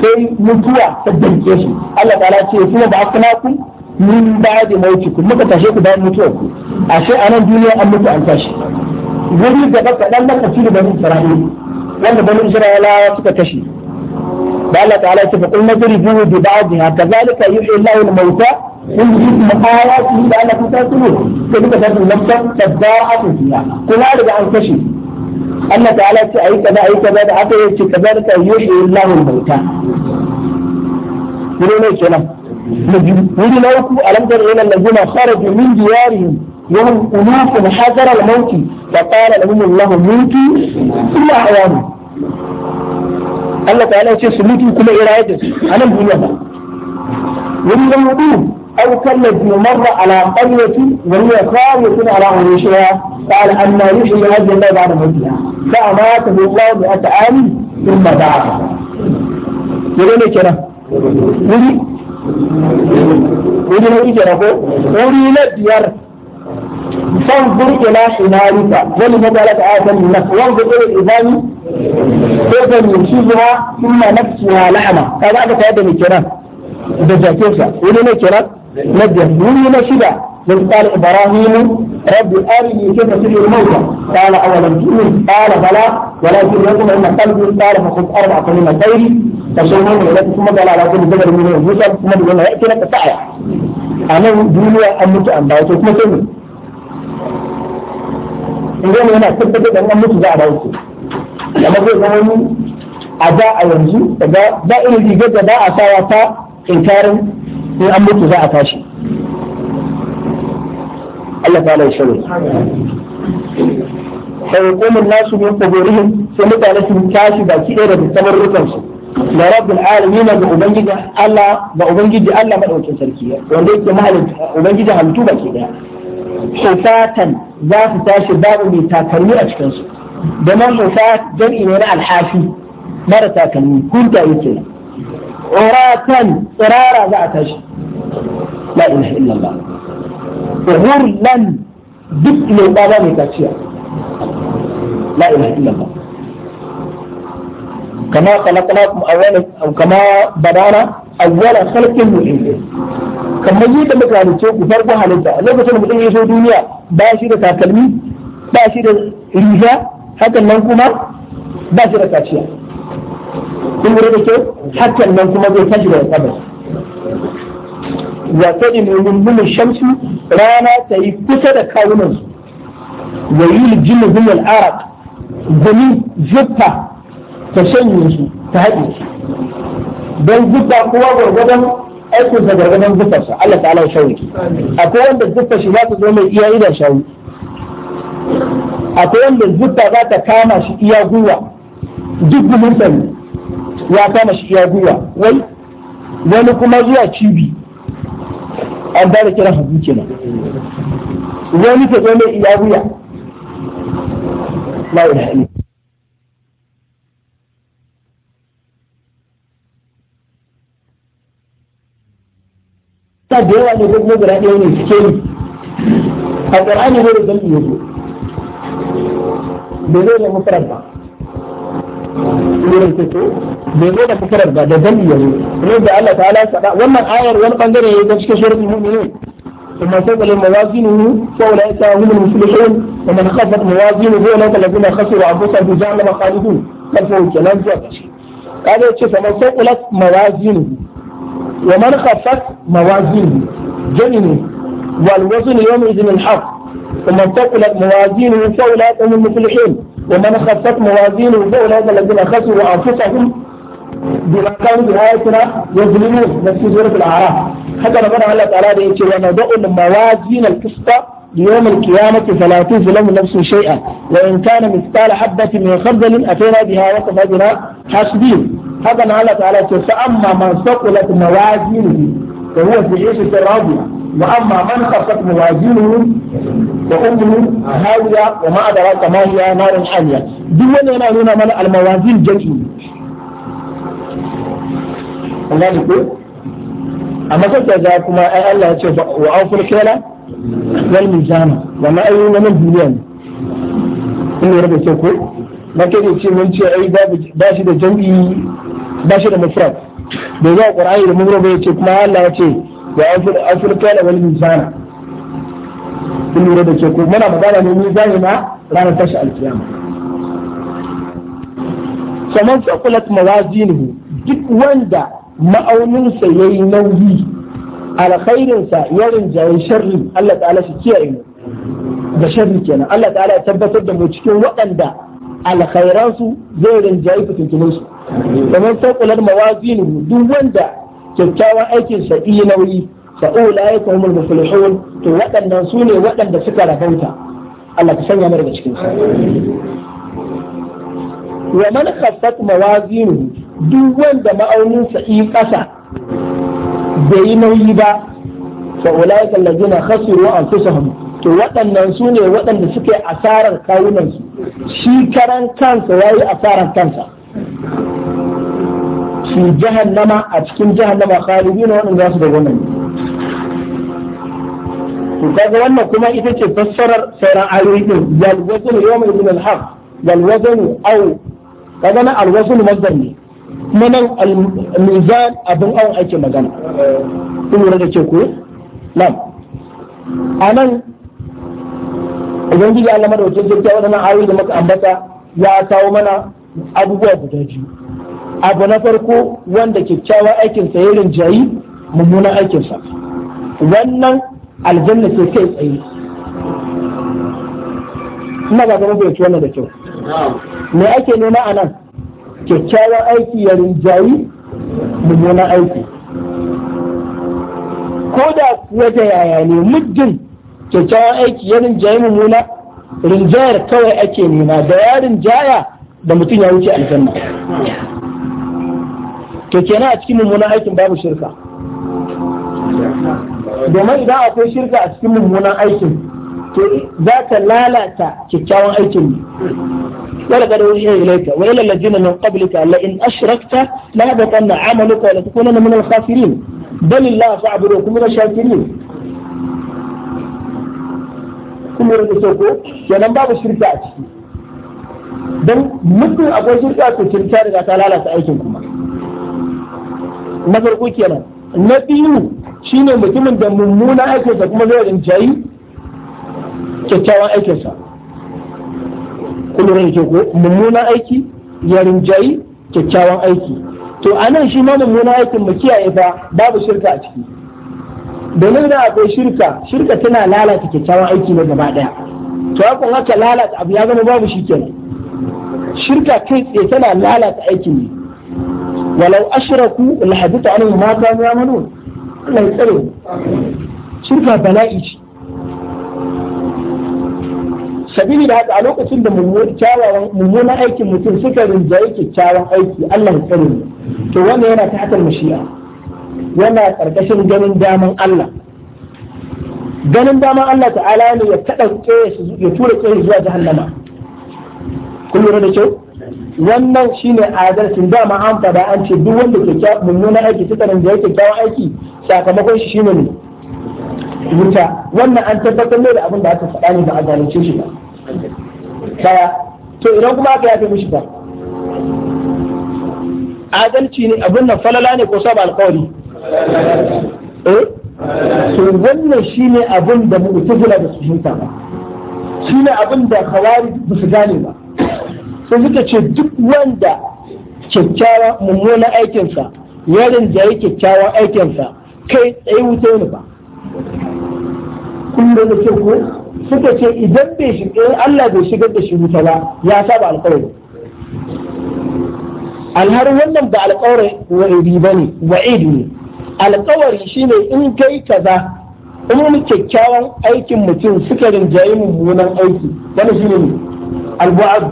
sai mutuwa ta danke shi Allah ta'ala ce thumma ba'athnakum min ba'di mawtikum muka tashe ku bayan mutuwar ku ashe a nan duniya an mutu an tashi wuri gaba kaɗan na kafiru bani isra'ila wanda bani isra'ila suka kashe قال تعالى فقل نضربوه ببعضها كذلك يحيي الله الموتى كل جسم آياته لعلكم تأكلون كذلك تأكل نفسا تباعة فيها قل أرجع أن تشي أن تعالى أي كذا أي كذا حتى يأتي كذلك يحيي الله الموتى يقولون أي كلام يقول لوكو ألم تر إلى الذين خرجوا من ديارهم وهم أناس حذر الموت فقال لهم الله موتوا إلا أعوانهم Allah ta'ala ya ce su mutu kuma ya rayar da su a nan duniya ba wani أو كالذي مر على قرية وهي خاوية على عروشها قال أما يحيي هذه الله بعد موتها فأماته الله مئة عام ثم بعثه يقول لك أنا ولي ولي ولي ولي ولي ولي فانظر إلى حمارك ولمثلك آية النفس وانظر إلى الإبان كيف ينشزها ثم نفسها لحمة هذا هذا هذا الكلام دجاجيسا ولنا كلام نجح ولنا شدة من قال إبراهيم رب أرني كيف تحيي الموتى قال أولم تؤمن قال بلى ولكن يقول إن قلبي قال فخذ أربعة من الطير فصومهم إليك ثم قال على كل بدر من يوسف ثم بقول يأتي لك سعيا أنا دنيا أموت أم باوتو ثم in zama yana tabbatar da an mutu za a dawo amma zai zama wani a da a yanzu daga ba irin rigar da ba a sawa ta inkarin in an mutu za a tashi Allah ta lai shirin sai hukumin nasu min kuburihim sai mutane sun tashi baki ɗaya da tabarrukan su da rabbul alamin ga ubangiji Allah ga ubangiji Allah madaukakin sarki wanda yake mahalin ubangiji halittu baki ɗaya hufatan za su tashi babu mai takalmi a cikinsu domin musa jam'i ne na alhafi mara takalmi kunta yake uratan tsirara za a tashi la ilaha illallah hurlan duk mai ɗaba mai kaciya la ilaha illallah kama kalakalakum awwala kama badana awwala khalqin mu inda kamar yadda muka halice ku farko halitta lokacin mutum ya zo duniya ba shi da takalmi ba shi da riga hakan nan kuma ba shi da kaciya kun lura da kyau hakan nan kuma zai tashi da kabar wa ta ilmin shamsu rana ta yi kusa da kawunan su wa yi jinnu gumin arak gumi zuffa ta shanye su ta haɗe su don zuba kowa gwargwadon aikin sa gwargwadon zufarsa Allah ta'ala ya shawiki akwai wanda zufar shi za ta zo mai iya idan shawu akwai wanda zuffa za ta kama shi iya guwa duk gumunta ya kama shi iya guwa wai wani kuma zuwa cibi an ba da kiran hagu kenan wani ta zo mai iya guwa la ilaha ta da yawa ne ko kuma guda ɗaya ne suke yi a ƙur'ani ne da zalli ya zo bai zo da mafarar ba wurin fito bai zo da fukarar ba da dalli yanzu ne da Allah ta'ala ya faɗa wannan ayar wani bangare ne da cikin shirin mu'minin ثم ثقل موازينه فاولئك هم المفلحون ومن خفت موازينه فاولئك الذين خسروا انفسهم في جهنم خالدون خلفه كلام زاد قال يا شيخ فمن ثقلت موازينه ومن خفت موازينه جنني والوزن يومئذ الحق ومن ثقلت موازينه فأولئك هم المفلحين ومن خفت موازينه فأولئك الذين خسروا أنفسهم بما كانوا بآياتنا يظلمون نفس سورة الأعراف حتى ربنا الله تعالى إيه؟ ونضع الموازين القسط ليوم القيامة فلا تظلم نفس شيئا وإن كان مثقال حبة من خردل أتينا بها وكفى بنا حاسدين haka na Allah ta'ala فأما من ثقلت موازينه فهو في عيشة راضية وأما من خفت موازينه فأمه هاوية وما أدراك ما هي نار حامية دي وين أنا هنا من الموازين جميع وذلك أما كنت إذا كما الله يشوف وأوفر الكيلة والميزان وما أي من الدنيا إني ربي سوكو na kada ce mun ce ai ba shi da jam'i ba shi da mufrad da zuwa qur'ani da mufrad bai ce kuma Allah ya ce wa afirka da wal mizana kun lura da ke ko muna magana ne mizani na ranar tashi alkiyama saman sakulat mawazinuhu duk wanda ma'auninsa ya yi nauyi alkhairinsa ya rinjaye sharri Allah ta'ala shi kiyaye mu da sharri kenan Allah ta'ala ya tabbatar da mu cikin waɗanda alkhairansu zai rinjayi fitintunan su kamar sakular mawazinu duk wanda kyakkyawan aikin sa iya nauyi fa ulaika kuma muflihun to waɗannan su ne waɗanda suka rabauta Allah ka sanya mu daga cikin su wa man khaffat mawazinu duk wanda ma'aunin sa ƙasa bai yi nauyi ba fa ulaika allazina khasiru anfusahum to waɗannan su ne waɗanda suke asarar kawunansu shi karan kansa ya yi asarar kansa fi jahannama a cikin jahannama na waɗanda za su da wannan to kaga wannan kuma ita ce fassarar sauran ayoyi din yal wazn yawm ibn al haq yal wazn aw kaga na al wazn ne kuma nan al mizan abin awon ake magana Ku lura da ce ko nan anan ubangiji Allah madaukakin sarki waɗannan ayoyi da muka ambata ya kawo mana abubuwa guda biyu abu na farko wanda kyakkyawan aikin sa ya rinjayi mummunan aikin sa wannan aljanna ce kai tsaye ina ba ga mafi wannan da kyau me ake nema a nan kyakkyawan aiki ya rinjayi mummunan aiki ko da kuwa yaya ne muddin kyakkyawan aiki ya rinjaye mummuna rinjayar kawai ake nema da ya rinjaya da mutum ya wuce aljanna to kenan a cikin mummunan aikin babu shirka domin idan akwai shirka a cikin mummunan aikin to za ta lalata kyakkyawan aikin ne wala kada wani yayi laika wa ila allazina min qablika la in ashrakta la habatanna amaluka wa la takunanna min al-khasirin bal illah fa'budu kum min shakirin kun lura da ko kenan babu shirka a ciki don mutum akwai shirka ko shirka da ta lalata aikin kuma na farko kenan na biyu shine mutumin da mummuna aikinsa kuma zai jayi kyakkyawan aikinsa kun lura da ko mummuna aiki ya jayi kyakkyawan aiki to anan shi ma mummuna aikin mu kiyaye fa babu shirka a ciki domin da akwai shirka shirka tana lalata kyakkyawan aiki na gaba daya to haka haka lalata abu ya zama babu shi kenan shirka kai tsaye tana lalata aiki ne walau ashraku la hadita anhum ma kanu yamanun Allah ya tsare shirka bala'i ce sabili da haka a lokacin da mummunan aikin mutum suka rinjaye kyakkyawan aiki Allah ya tsare to wannan yana ta hatar mashi'a yana ƙarƙashin ganin daman Allah ganin daman Allah ta'ala ne ya kaɗan ya tura ƙeshi zuwa jahannama kun lura da kyau wannan shine adalcin dama an fada an ce duk wanda ke mummunan aiki tsarin da yake kyawun aiki sakamakon shi shine ne wuta wannan an tabbatar ne da abin da aka faɗa ne ba a shi ba daya to idan kuma aka yafe mishi ba adalci ne abin nan falala ne ko saba alƙawari eh to wannan shine abin da mu'tazila da su fahimta ba shine abin da khawari ba su gane ba sai suka ce duk wanda kyakkyawa mummunan aikinsa ya rinjaye kyakkyawan aikinsa kai tsaye wuta ne ba kun da ke ko suka ce idan bai shiga eh, Allah bai shigar da shi wuta ba ya saba alƙawari alhar wannan ba alƙawarin wa'idi bane wa'idi ne alkawari shine in kai kaza in kyakkyawan aikin mutum suka rinjayi mummunan aiki wani shine ne albu'ad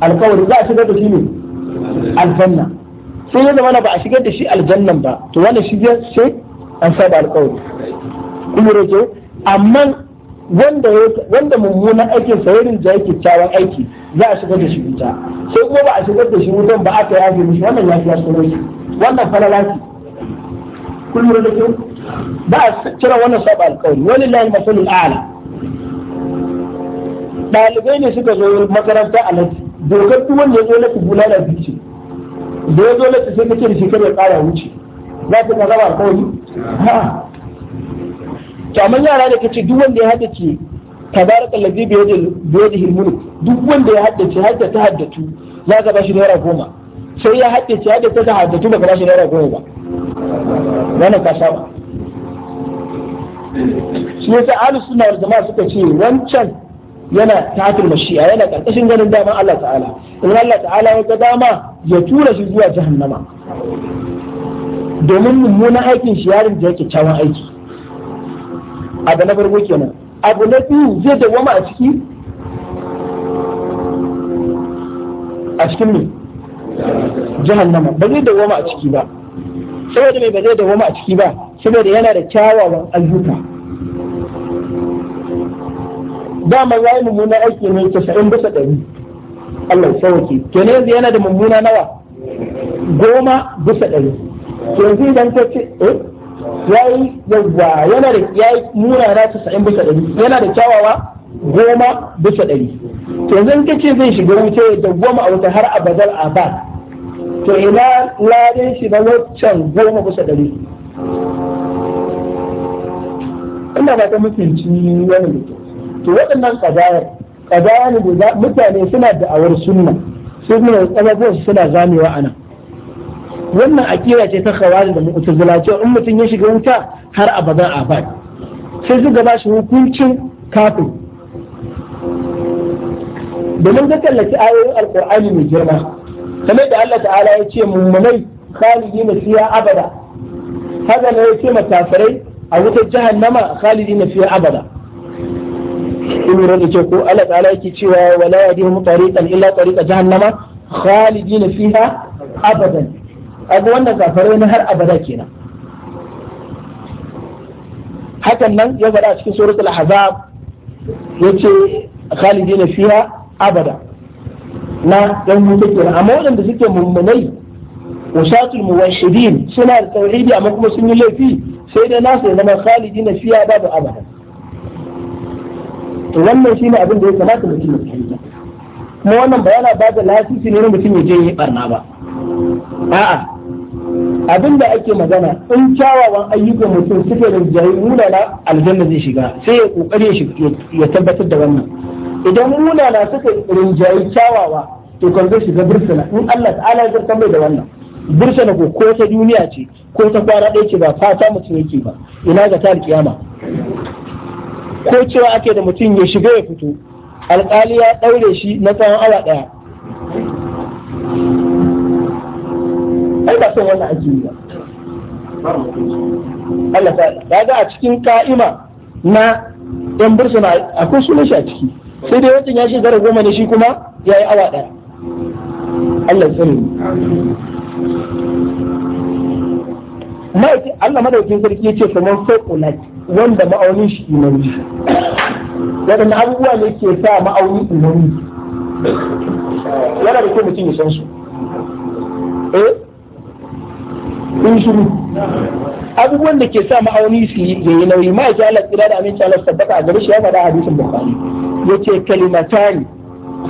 alkawari za a shigar da shi ne aljanna sai ya zama ba a shigar da shi aljannan ba to wani shi ce an saba alkawari kuma rage amma wanda wanda mummunan aikin sa yarin da yake kyakkyawan aiki za a shigar da shi wuta sai kuma ba a shigar da shi wutan ba aka yafe mishi wannan ya fi ya wannan falalaki kun lura da kyau ba a kira wannan saba alkawari wani lahi masalul ala ɗalibai ne suka zo makaranta a lati dokar duk wanda ya zo lati bulala biyu ce da ya zo lati sai kake da shekar ya ƙara wuce za ta zama alkawari to amma yara da kace duk wanda ya haddace tabarak allazi bi yadil bi yadihi mulk duk wanda ya haddace hadda ta haddatu za ka bashi naira goma sai ya haddace hadda ta haddatu ba ka bashi naira goma ba wannan ka saba shi yasa ahlus sunna wal jama'a suka ce wancan yana tatil mashi'a yana karkashin ganin dama Allah ta'ala in Allah ta'ala ya ga dama ya tura shi zuwa jahannama domin mummunan aikin shi yarin da yake kyawun aiki abu na farko kenan abu na biyu zai dawama a ciki a cikin ne jahannama ba zai dawama a ciki ba saboda mai ba zai dawo a ciki ba saboda yana da kyawawan ayyuka dama ya yi mummunan aiki ne casa'in bisa ɗari Allah ya sauke ne yanzu yana da mummuna nawa goma bisa ɗari yanzu idan ka ce eh ya yi yawwa yana da ya yi na casa'in bisa ɗari yana da kyawawa goma bisa ɗari yanzu in ka ce zai shiga wuce da goma a wuta har a abad to ina ladin shi na waccan goma kusa ɗari ina ba ta mutunci wani mutum to waɗannan ƙazayar ne mutane suna da'awar sunna sunna su suna zamewa a nan wannan akira ce ta kawai da mu'tazila cewa in mutum ya shiga wuta har abadan abad sai su gaba shi hukuncin kafin domin ka tallaci ayoyin alƙur'ani mai girma kamar da Allah ta'ala ya ce mummunai khalidina fiya abada haka ne ya ce matafirai a wutar jahannama khalidina fiya abada in lura da ko Allah ta'ala yake cewa wala yadihum tariqan illa tariqa jahannama khalidina fiya abada. abu wannan kafirai na har abada kenan hakan nan ya faɗa cikin suratul ahzab yace khalidina fiya abada na yan wuta kenan amma waɗanda suke mummunai usatul muwahhidin suna da tauhidi amma kuma sun yi laifi sai dai nasu ya zama na fiya babu abada to wannan shine abin da ya kamata mutum ya fahimta kuma wannan ba yana ba da lasisi ne mutum ya je yi barna ba a'a abin da ake magana in kyawawan ayyukan mutum suke da jayi munana aljanna zai shiga sai ya kokari ya tabbatar da wannan idan munana suka rinjayi kyawawa to kan zai shiga birsana in Allah ta'ala ya zartar mai da wannan birsana ko ko ta duniya ce ko ta kwana ɗaya ce ba fata mutum yake ba ina ga ta kiyama ko cewa ake da mutum ya shiga ya fito alƙali ya ɗaure shi na tsawon awa ɗaya ai ba son wannan ake ba Allah ta ga a cikin ka'ima na yan birsana akwai sunan shi a ciki sai dai wancan ya shiga da goma ne shi kuma ya yi awa ɗaya Allah tsare mai Allah madaukin sarki yace kaman sokulat wanda ma'aunin shi imani wadanda abubuwa ne ke sa ma'auni imani yana da kyau mutum ya san su eh in shiru abubuwan da ke sa ma'auni su yi nauyi ma ya Allah tsira da aminci Allah tabbata a gare shi ya faɗa hadisin bukhari yace kalimatani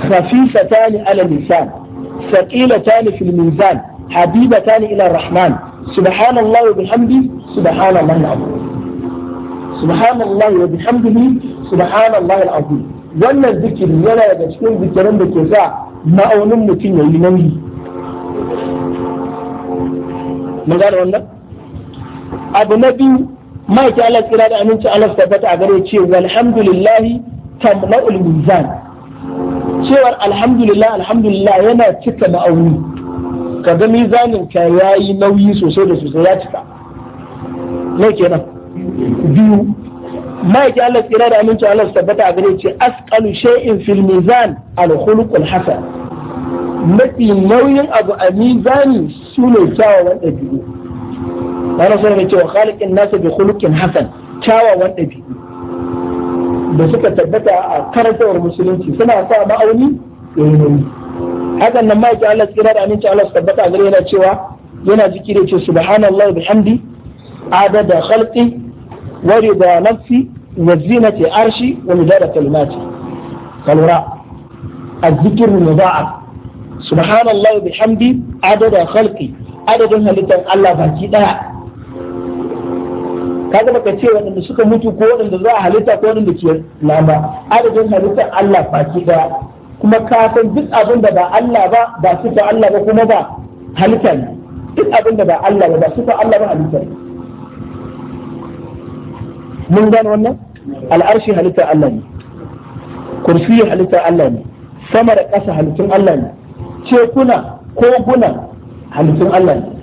khafifatani ala lisan ثقيلتان في الميزان حبيبتان إلى الرحمن سبحان الله وبحمده سبحان الله العظيم سبحان الله وبحمده سبحان الله العظيم wannan zikirin yana daga cikin zikirin da ke sa mutum ya yi nauyi mun gane wannan abu na biyu ma'aiki Allah tsira da aminci Allah tabbata a walhamdulillahi mizan cewar alhamdulillah alhamdulillah yana cika ma'auni ka ga mizanin ka yayi nauyi sosai da sosai ya cika nau kenan biyu ma'aiki Allah tsira da aminci Allah su tabbata a gare ce asqalu shay'in fil mizan al khuluqul hasan mafi nauyin abu a mizani su ne kyawawan ɗabi'u. Wani suna mai cewa khaliqin nasa bi khuluqin hasan kyawawan ɗabi'u. da suka tabbata a karantawar musulunci suna sa ma'auni da eh. yi hakan nan ma'aiki Allah tsira da aminci Allah su tabbata a gare yana cewa yana zikiri ce subhanallahi bihamdi adada khalqi wa rida nafsi wa zinati arshi wa midada kalimati kalura azzikir mudha'af subhanallahi bihamdi adada khalqi adadin halittar Allah baki daya Ka kaga baka ce waɗanda suka mutu ko waɗanda za a halitta ko waɗanda ke na ba adadin halittar Allah baki daya kuma ka san duk abin da ba Allah ba ba sifa Allah ba kuma ba halitta ne duk abin da ba Allah ba ba sifa Allah ba halitta ne mun gane wannan al'arshi halitta Allah ne kursi halitta Allah ne sama da ƙasa halittun Allah ne cekuna koguna halittun Allah ne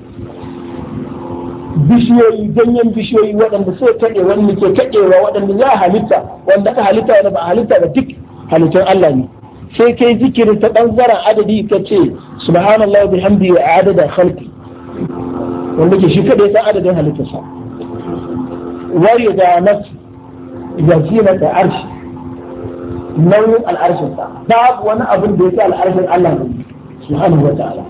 bishiyoyi ganyen bishiyoyi waɗanda sai kaɗe wani ke kaɗewa waɗanda ya halitta wanda ka halitta wani ba halitta ba duk halittun Allah ne sai kai zikirin ta ɓangaren adadi ka ce subhanallah bihamdi wa adada khalqi wanda ke shi kaɗai san adadin halittarsa wari da nafsi da jina da arshi nauyin al'arshinsa babu wani abin da ya yake al'arshin Allah ne subhanahu wa ta'ala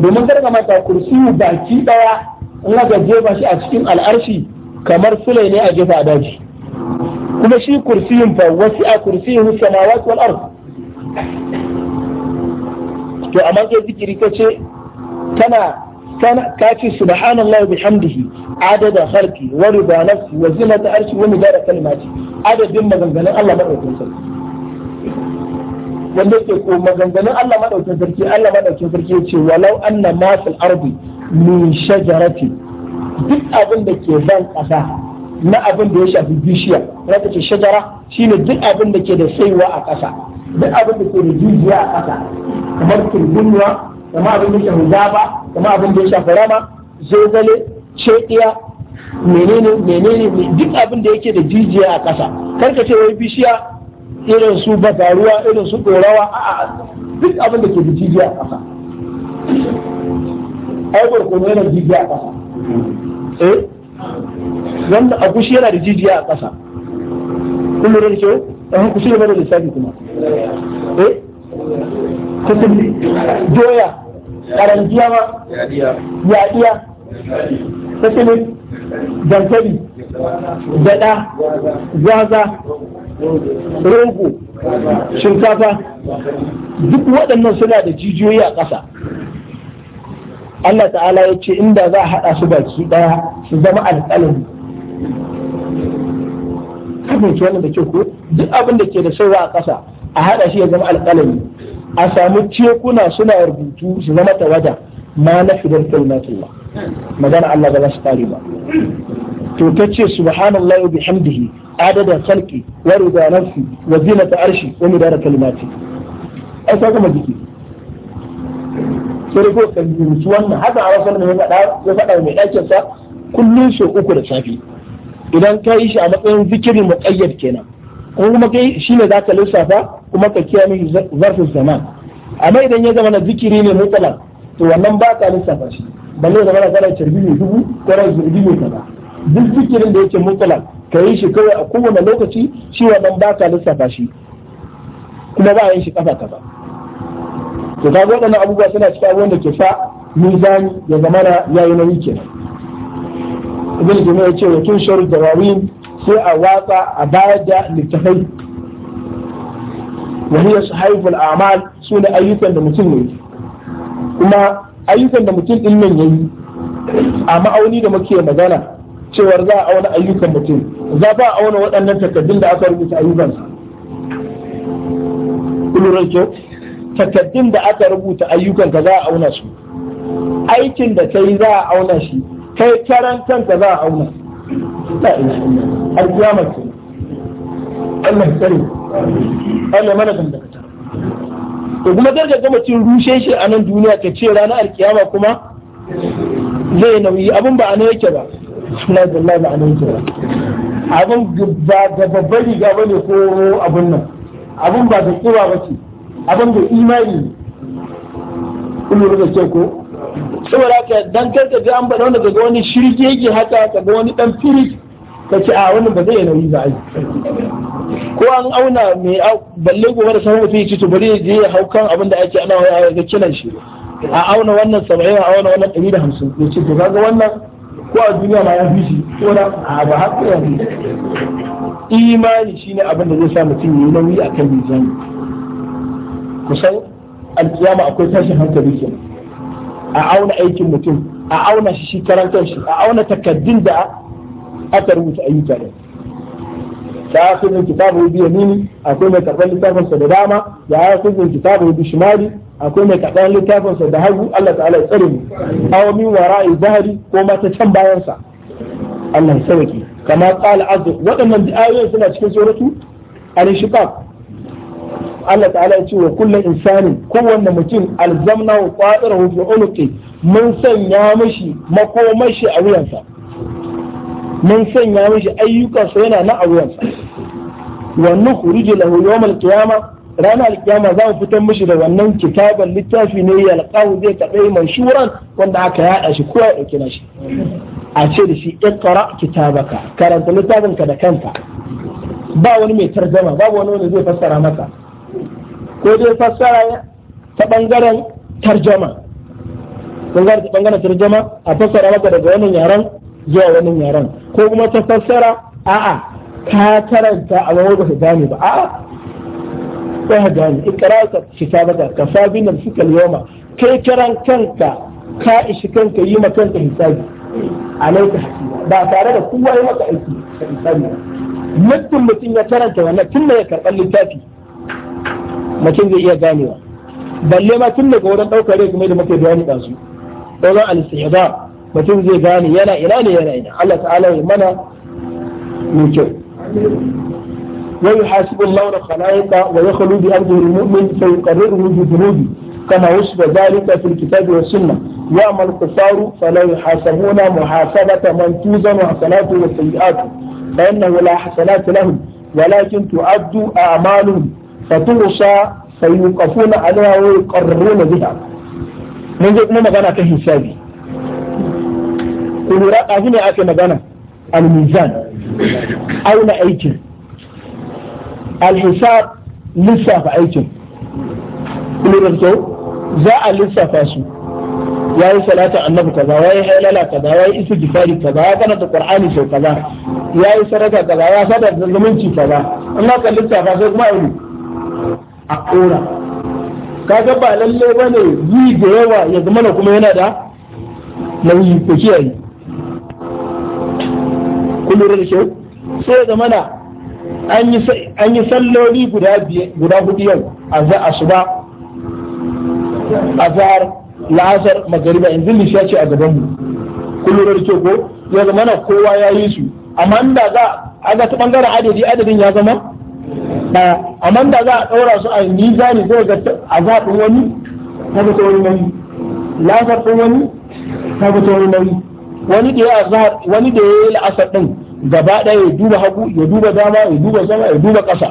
domin karka mata kursiyu baki daya in aka jefa shi a cikin al'arshi kamar sulai ne a jefa a daji kuma shi kursiyin fa wasi a kursiyin samawa wal ard to amma sai zikiri ce tana كاتي سبحان الله وبحمده عدد خلقي ورضا نفسي وزنة عرشي ومدار كلماتي عدد ما Adadin maganganun Allah أوتين سلسل wanda yake ko maganganun Allah madaukin sarki Allah madaukin sarki yace walau anna ma fil ardi min shajarati duk abin da ke ban ƙasa na abin da ya shafi bishiya zaka ce shajara shine duk abin da ke da saiwa a ƙasa duk abin da ke da jijiya a ƙasa kamar turbunuwa kamar abin da ke shafi zaba kamar abin da ya shafi rama zogale cediya menene menene duk abin da yake da jijiya a ƙasa karka ce wai bishiya irin su bazaruwa irin su ɗorawa a duk abin da ke da jijiya a ƙasa ai barkono yana jijiya a ƙasa eh wanda agushi yana da jijiya a ƙasa kun lura da kyau ɗan ku shi da lissafi kuma eh kusan doya ƙarangiya ma yaɗiya kusan dankali gada, gwaza rogo shinkafa duk waɗannan suna da jijiyoyi a ƙasa Allah ta'ala ya ce inda za a haɗa su baki ɗaya su zama alƙalami kafin ke wannan da ke ko duk abin da ke da sauwa a ƙasa a haɗa shi ya zama alƙalami a samu tekuna suna rubutu su zama ta wajen ma na fidar kalmatullah magana Allah ba za su kare ba to ta ce subhanallahi bihamdihi adada khalqi wa rida nafsi wa zinata arshi wa midara kalimati ai ka gama jiki sai da kuka kalbi wannan haka a wasan ya ya faɗa mai ɗakin sa kullun shi uku da safi idan ka yi shi a matsayin zikiri muqayyad kenan ko kuma kai shine zaka lissafa kuma ka kiyaye zarfin zaman amma idan ya zama na zikiri ne mutlaq to wannan ba ka lissafa shi balle zama na kana carbi ne dubu ko ran zurbi ne kaza duk zikirin da yake mutlaq ka yi shi kawai a kowane lokaci shi wannan ba ka lissafa shi kuma ba yin shi kafa kafa to ga waɗannan abubuwa suna cikin abubuwan da ke sa mizan ya zama na yayi na kenan ibn jami'a ya ce wa tun da dawawin sai a watsa a bayar da littafai wa hiya sahaiful a'mal su ne ayyukan da mutum ne kuma ayyukan da mutum din nan yayi a ma'auni da muke magana cewar za a auna ayyukan mutum za ba a auna waɗannan takardun da aka rubuta ayyukansa. Kullum kyau, takaddun da aka rubuta ayyukanka za a auna su aikin da kai za a auna shi kai karan kanka za a auna la ilaha illallah alkiyama ce Allah tsare Allah mana da ka to kuma zarga ka gama cin rushe shi a nan duniya ka ce ranar alkiyama kuma zai nauyi abin ba a nan yake ba na da ba a nan yake ba abin ba da babbar riga bane ko abun nan abin ba da kiba bace abin da imani kuma da ke ko saboda ka dan kai ka ji an bada wanda daga wani shirki yake haka ka ga wani dan firi ka ce a wannan ba zai yi nauyi ba ai ko an auna mai balle gobe da sanar mutum ya ce to bari je ya hau kan abin da ake ana ga kiran shi a auna wannan saba'in a auna wannan ɗari da hamsin ya ce to kaga wannan ko a duniya ma ya fi shi ko na a ba haka imani shine abin da zai sa mutum ya yi nauyi a kan mizani kusan alkiyama akwai tashin hankali ke a auna aikin mutum a auna shi karan kanshi a auna takaddun da aka rubuta ayyuka ne ta kuzin kitabu bi yamini akwai mai karɓar littafin sa da dama ya kuzin kitabu bi shimali akwai mai karɓar littafin sa da hagu Allah ta'ala ya tsare mu aw min wara'i zahri ko mata can bayan sa Allah ya sauke kama qala azza waɗannan ayoyin suna cikin suratu al-shiqaq Allah ta'ala ya ce wa kullum insani kowanne mutum alzamna wa fadar fi ulqi mun sanya mishi makomashi a wuyansa mun sanya mishi ayyukansa yana na a wuyansa wa nukhrij lahu yawm al ranar alkiyama za mu fitar mishi da wannan kitabar littafi ne ya alƙawu zai taɓa mai shuran wanda aka yaɗa shi ko ya ɗauki na shi a ce da shi ƙara kitabaka karanta littafinka da kanka ba wani mai tarjama babu wani wanda zai fassara maka ko dai fassara ta bangaren tarjama kun ta bangaren tarjama a fassara maka daga wannan yaran zuwa wannan yaran ko kuma ta fassara a'a ka karanta a wani ba ka gane ba a'a sai ka gane ikra ka maka, ka sabi nan suka yoma kai kiran kanka ka ishi kanka yi maka kanka hisabi alaika hasiba ba tare da kowa ya maka aiki ka hisabi mutum mutum ya karanta wannan tun da ya karɓar littafi mutum zai iya ganewa balle ma tun daga wurin ɗaukar rai kuma da muke bayani da su ɗauran al-istihda mutum zai gane yana ina ne yana ina Allah ta'ala ya mana mu kyau wa yuhasibu Allahu al-khalaiqa wa yakhlu bi abdihi al-mu'min fa yuqarriruhu bi dhunubi كما وصف ذلك في الكتاب والسنة يعمل الكفار فلا يحاسبون محاسبة من توزن حسناته وسيئاته فإنه لا حسنات لهم ولكن تعد أعمالهم فتوصى فيوقفون عليها ويقررون بها من جد نما كان كهي سابي كل رأى هنا أكي مغانا الميزان أين أيتم الحساب لسا فأيتم كل رأيتم زاء لسا فاسم يا صلاة النبي كذا ويا هلالا كذا ويا إسم جفاري كذا وكانت القرآن سو كذا يا سرقة كذا ويا سرقة كذا الله قال لسا فاسم ما أقوله a kora kaga ba lalle ba ne yi da yawa ya zama na kuma yana da nauyi ko kiyaye kullum da shi sai ya zama na an yi salloli guda hudu yau a za a suba a zahar la'asar magariba yanzu lishiya ce a gabanmu kullum da shi ko ya zama na kowa ya yi su amma inda za a ga ta bangaren adadi adadin ya zama daya amma da za a ɗaura su a mizani zai ga zaɓin wani ta ga wani nauyi lasar wani ta ga wani nauyi wani da ya azhar wani da ya yi la'asar ɗin gaba ɗaya ya duba hagu ya duba dama ya duba sama ya duba ƙasa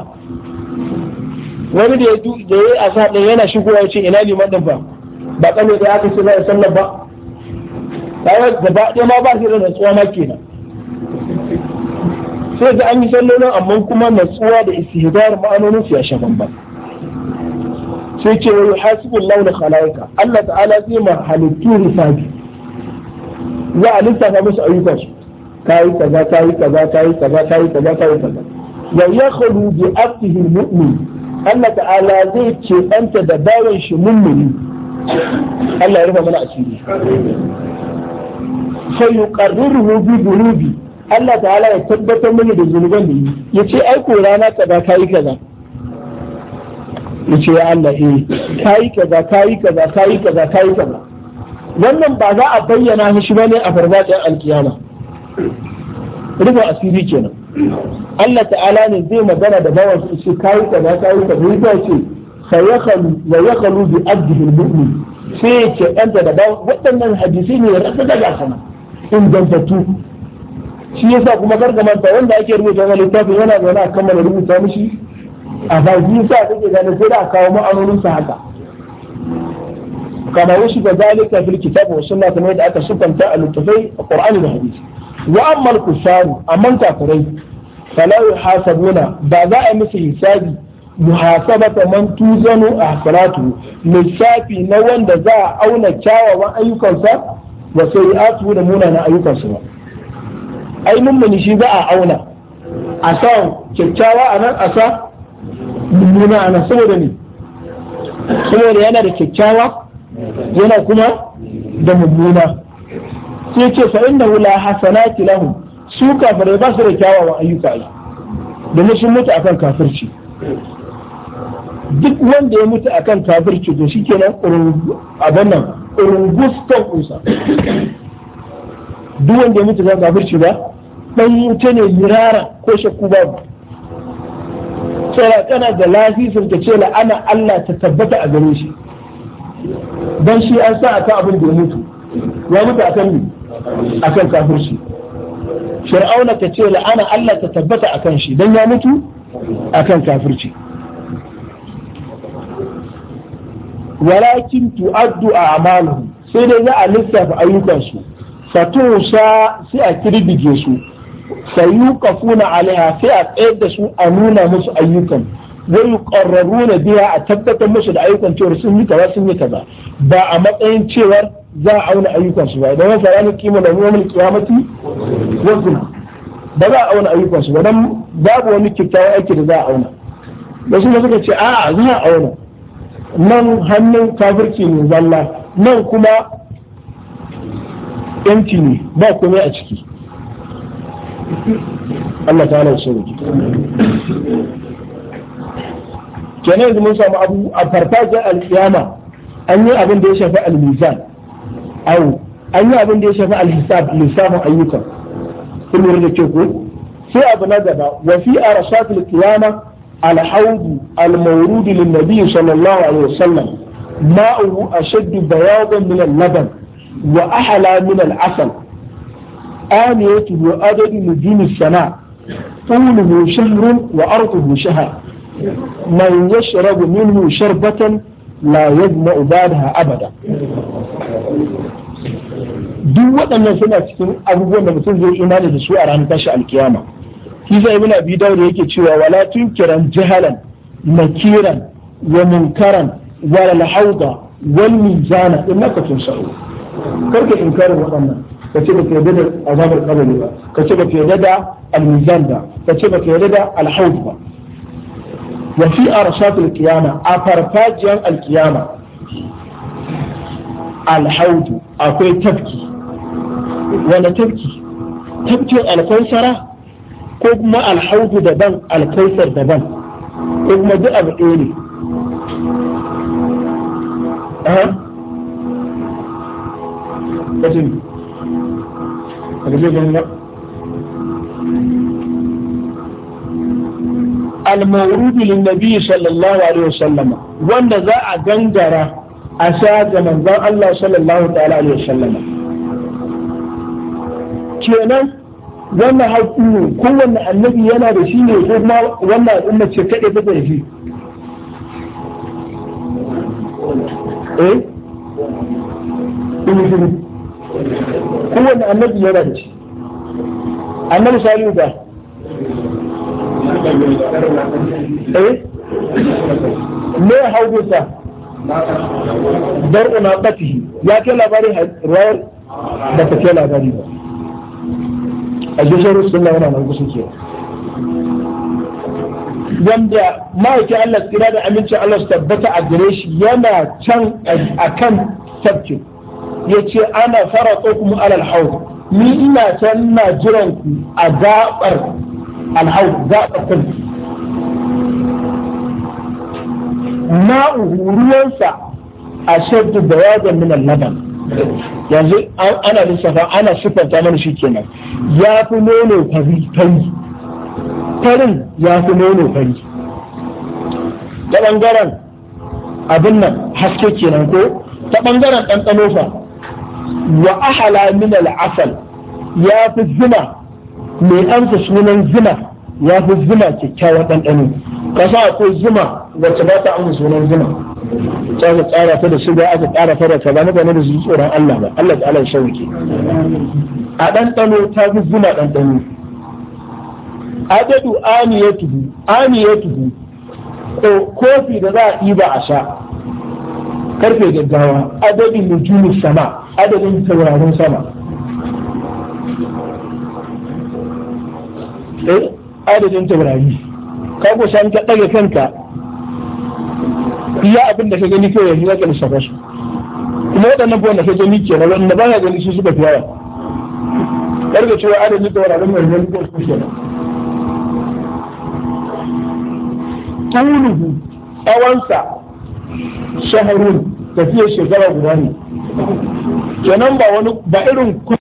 wani da ya yi azhar ɗin yana shigowa ya ce ina liman ɗin ba ba ƙane da ya ce za a sallar ba kawai gaba ɗaya ma ba shi da tsohon ma kenan sai ga an yi sallolin amma kuma natsuwa da istihdar ma'anonin su ya sha bamban sai ce wa yuhasibul launa khalaika Allah ta'ala zai ma halittu hisabi za a lissafa musu ayyukan su kayi kaza kayi kaza kayi kaza kayi kaza kayi kaza wa yakhlu bi abdihi mu'min Allah ta'ala zai ce ɗanta da bawan shi mummuni Allah ya rufa mana asiri sai yuqarriruhu bi dunubi Allah ta'ala ya tabbatar mini da zunuban da yi ya ce ai ko rana kaza ka yi kaza ya ce ya Allah eh ka yi kaza ka yi kaza ka yi kaza ka yi kaza wannan ba za a bayyana shi bane a farbatin alkiyama rufe asiri kenan Allah ta'ala ne zai magana da bawan su ce ka yi kaza ka yi kaza ya ta ce sayakhalu wa yakhalu bi abdihi almu'min sai ya ce dan da bawan waɗannan hadisi ne ya rasa daga sama ingantattu shi yasa kuma gargamanta wanda ake rubuta wani littafin yana zaune a kammala rubuta mishi a ba shi kake gane sai da kawo ma'anonin sa haka kama wasu ga zalika fil kitab wa sunna kamar da aka sukanta a littafai a qur'ani da hadisi wa amma al-kufaru amman kafirai fala yuhasabuna ba za a musu hisabi muhasabata man tuzanu salatu. lissafi na wanda za a auna kyawawan ayyukansa wa sayi'atu da munanan ayyukansa ba ai mummuni shi ba a auna a sa kyakkyawa a nan a sa mummuna a nan saboda ne saboda yana da kyakkyawa yana kuma da mummuna sai ce fa inna la hasanati lahum su kafirai ba su da kyawawan ayyuka ai domin sun mutu akan kafirci duk wanda ya mutu akan kafirci to shikenan abin nan urungus kan kusa duk wanda ya mutu ba kafirci ba dan wuce ne yirara ko shakku babu tsara kana da lafifin ta ce la'ana Allah ta tabbata a gare shi dan shi an sa aka abin da ya mutu ya mutu akan ni akan kafirci fir'auna ta ce la'ana Allah ta tabbata akan shi dan ya mutu akan kafirci walakin tu'addu a'maluhum sai dai za a lissafa ayyukansu fatusha sai a kirbige su kafuna alaiha sai a tsayar da su a nuna musu ayyukan Wai wa na biya a tabbatar musu da ayyukan cewar sun yi kaza sun yi kaza ba a matsayin cewar za a auna ayyukan su ba idan wasa ranar kima da yawon kiyamati wasu ba za a auna ayyukan su ba dan babu wani kyakkyawan aiki da za a auna wasu da suka ce a'a za a auna nan hannun kafirci ne zalla nan kuma yanci ne ba komai a ciki Allah ta hana wasu wuce kenan yanzu mun samu abu a farfajiyar alkiyama an yi abin da ya shafi almizan awo an yi abin da ya shafi alhisab lissafin ayyukan kun lura da ke ko sai abu na gaba wa fi arasatul qiyama alhaudu almawrudu lin nabiy sallallahu alaihi wasallam ma'uhu ashaddu bayadan min al-laban wa ahala min al-asal aniyatu wa adadu nujum as-sama طوله شهر وعرضه شهر من يشرب منه شربة لا يظمأ بعدها أبدا duk waɗannan suna cikin abubuwan da mutum zai imani da su a ranar tashi alkiyama shi zai ibn abi dawud yake cewa wala tunkiran jahalan nakiran wa munkaran wa al hauda wal mizana innaka tunsa'u karka inkarin waɗannan ka ce baka yarda da azabar kabari ba ka ce baka yarda da almizan ba ka ce baka yarda da alhaud ba wa fi arshatul qiyama a farfajiyan alqiyama alhaud akwai tafki wani tafki tafkin alkausara ko kuma alhaud daban alkausar daban ko kuma duk abu ɗaya ne بسيط أجلوه جميلة المورود للنبي صلى الله عليه وسلم وانا ذا أجنجر أساد من ذا الله صلى الله عليه وسلم كينا wannan haƙƙo kowane annabi yana da shi ne ko ma wannan al'umma ce ta ɗaya ta shi eh kowane annabi yana da shi annabi salihu ba eh me haudunsa dar'u na qatihi ya kai labarin ruwayar da ta kai labari ba a jishar sunna yana nan gusun ke wanda ma'aikin Allah tsira da amincin Allah su tabbata a gare shi yana can a kan tafkin ya ce ana fara kuma alal hau ni ina can na jiran ku a gaɓar alhau gaɓar kun na ruwansa a shaddu da wajen minan laban yanzu ana lissafa ana siffanta mana shi kenan ya fi nono fari farin ya fi nono fari ta ɓangaren abin nan haske kenan ko ta ɓangaren ɗanɗano fa wa ahala min al'asal ya fi zina mai amsa sunan zina ya fi zina kyakkyawan ɗanɗano ka akwai zuma wacce ba ta amsa sunan zina ta ka tsara ta da shiga aka tsara ta da kaza na da su tsoron Allah ba Allah ta Allah shauke a ɗanɗano ta fi ɗanɗano kofi da za a ɗiba a sha karfe gaggawa adadin nujumin sama adadin taurarin sama eh adadin taurari ka ko san ka ɗaga kanka iya abin da ka gani kai yanzu zaka lissafa su kuma waɗannan buwan da ka gani ke da ba ya gani su suka fi yawa karga cewa adadin taurarin mai wani ko su ke tuluhu tsawonsa shaharun tafiyar shekara guda ne kenan ba wani ba irin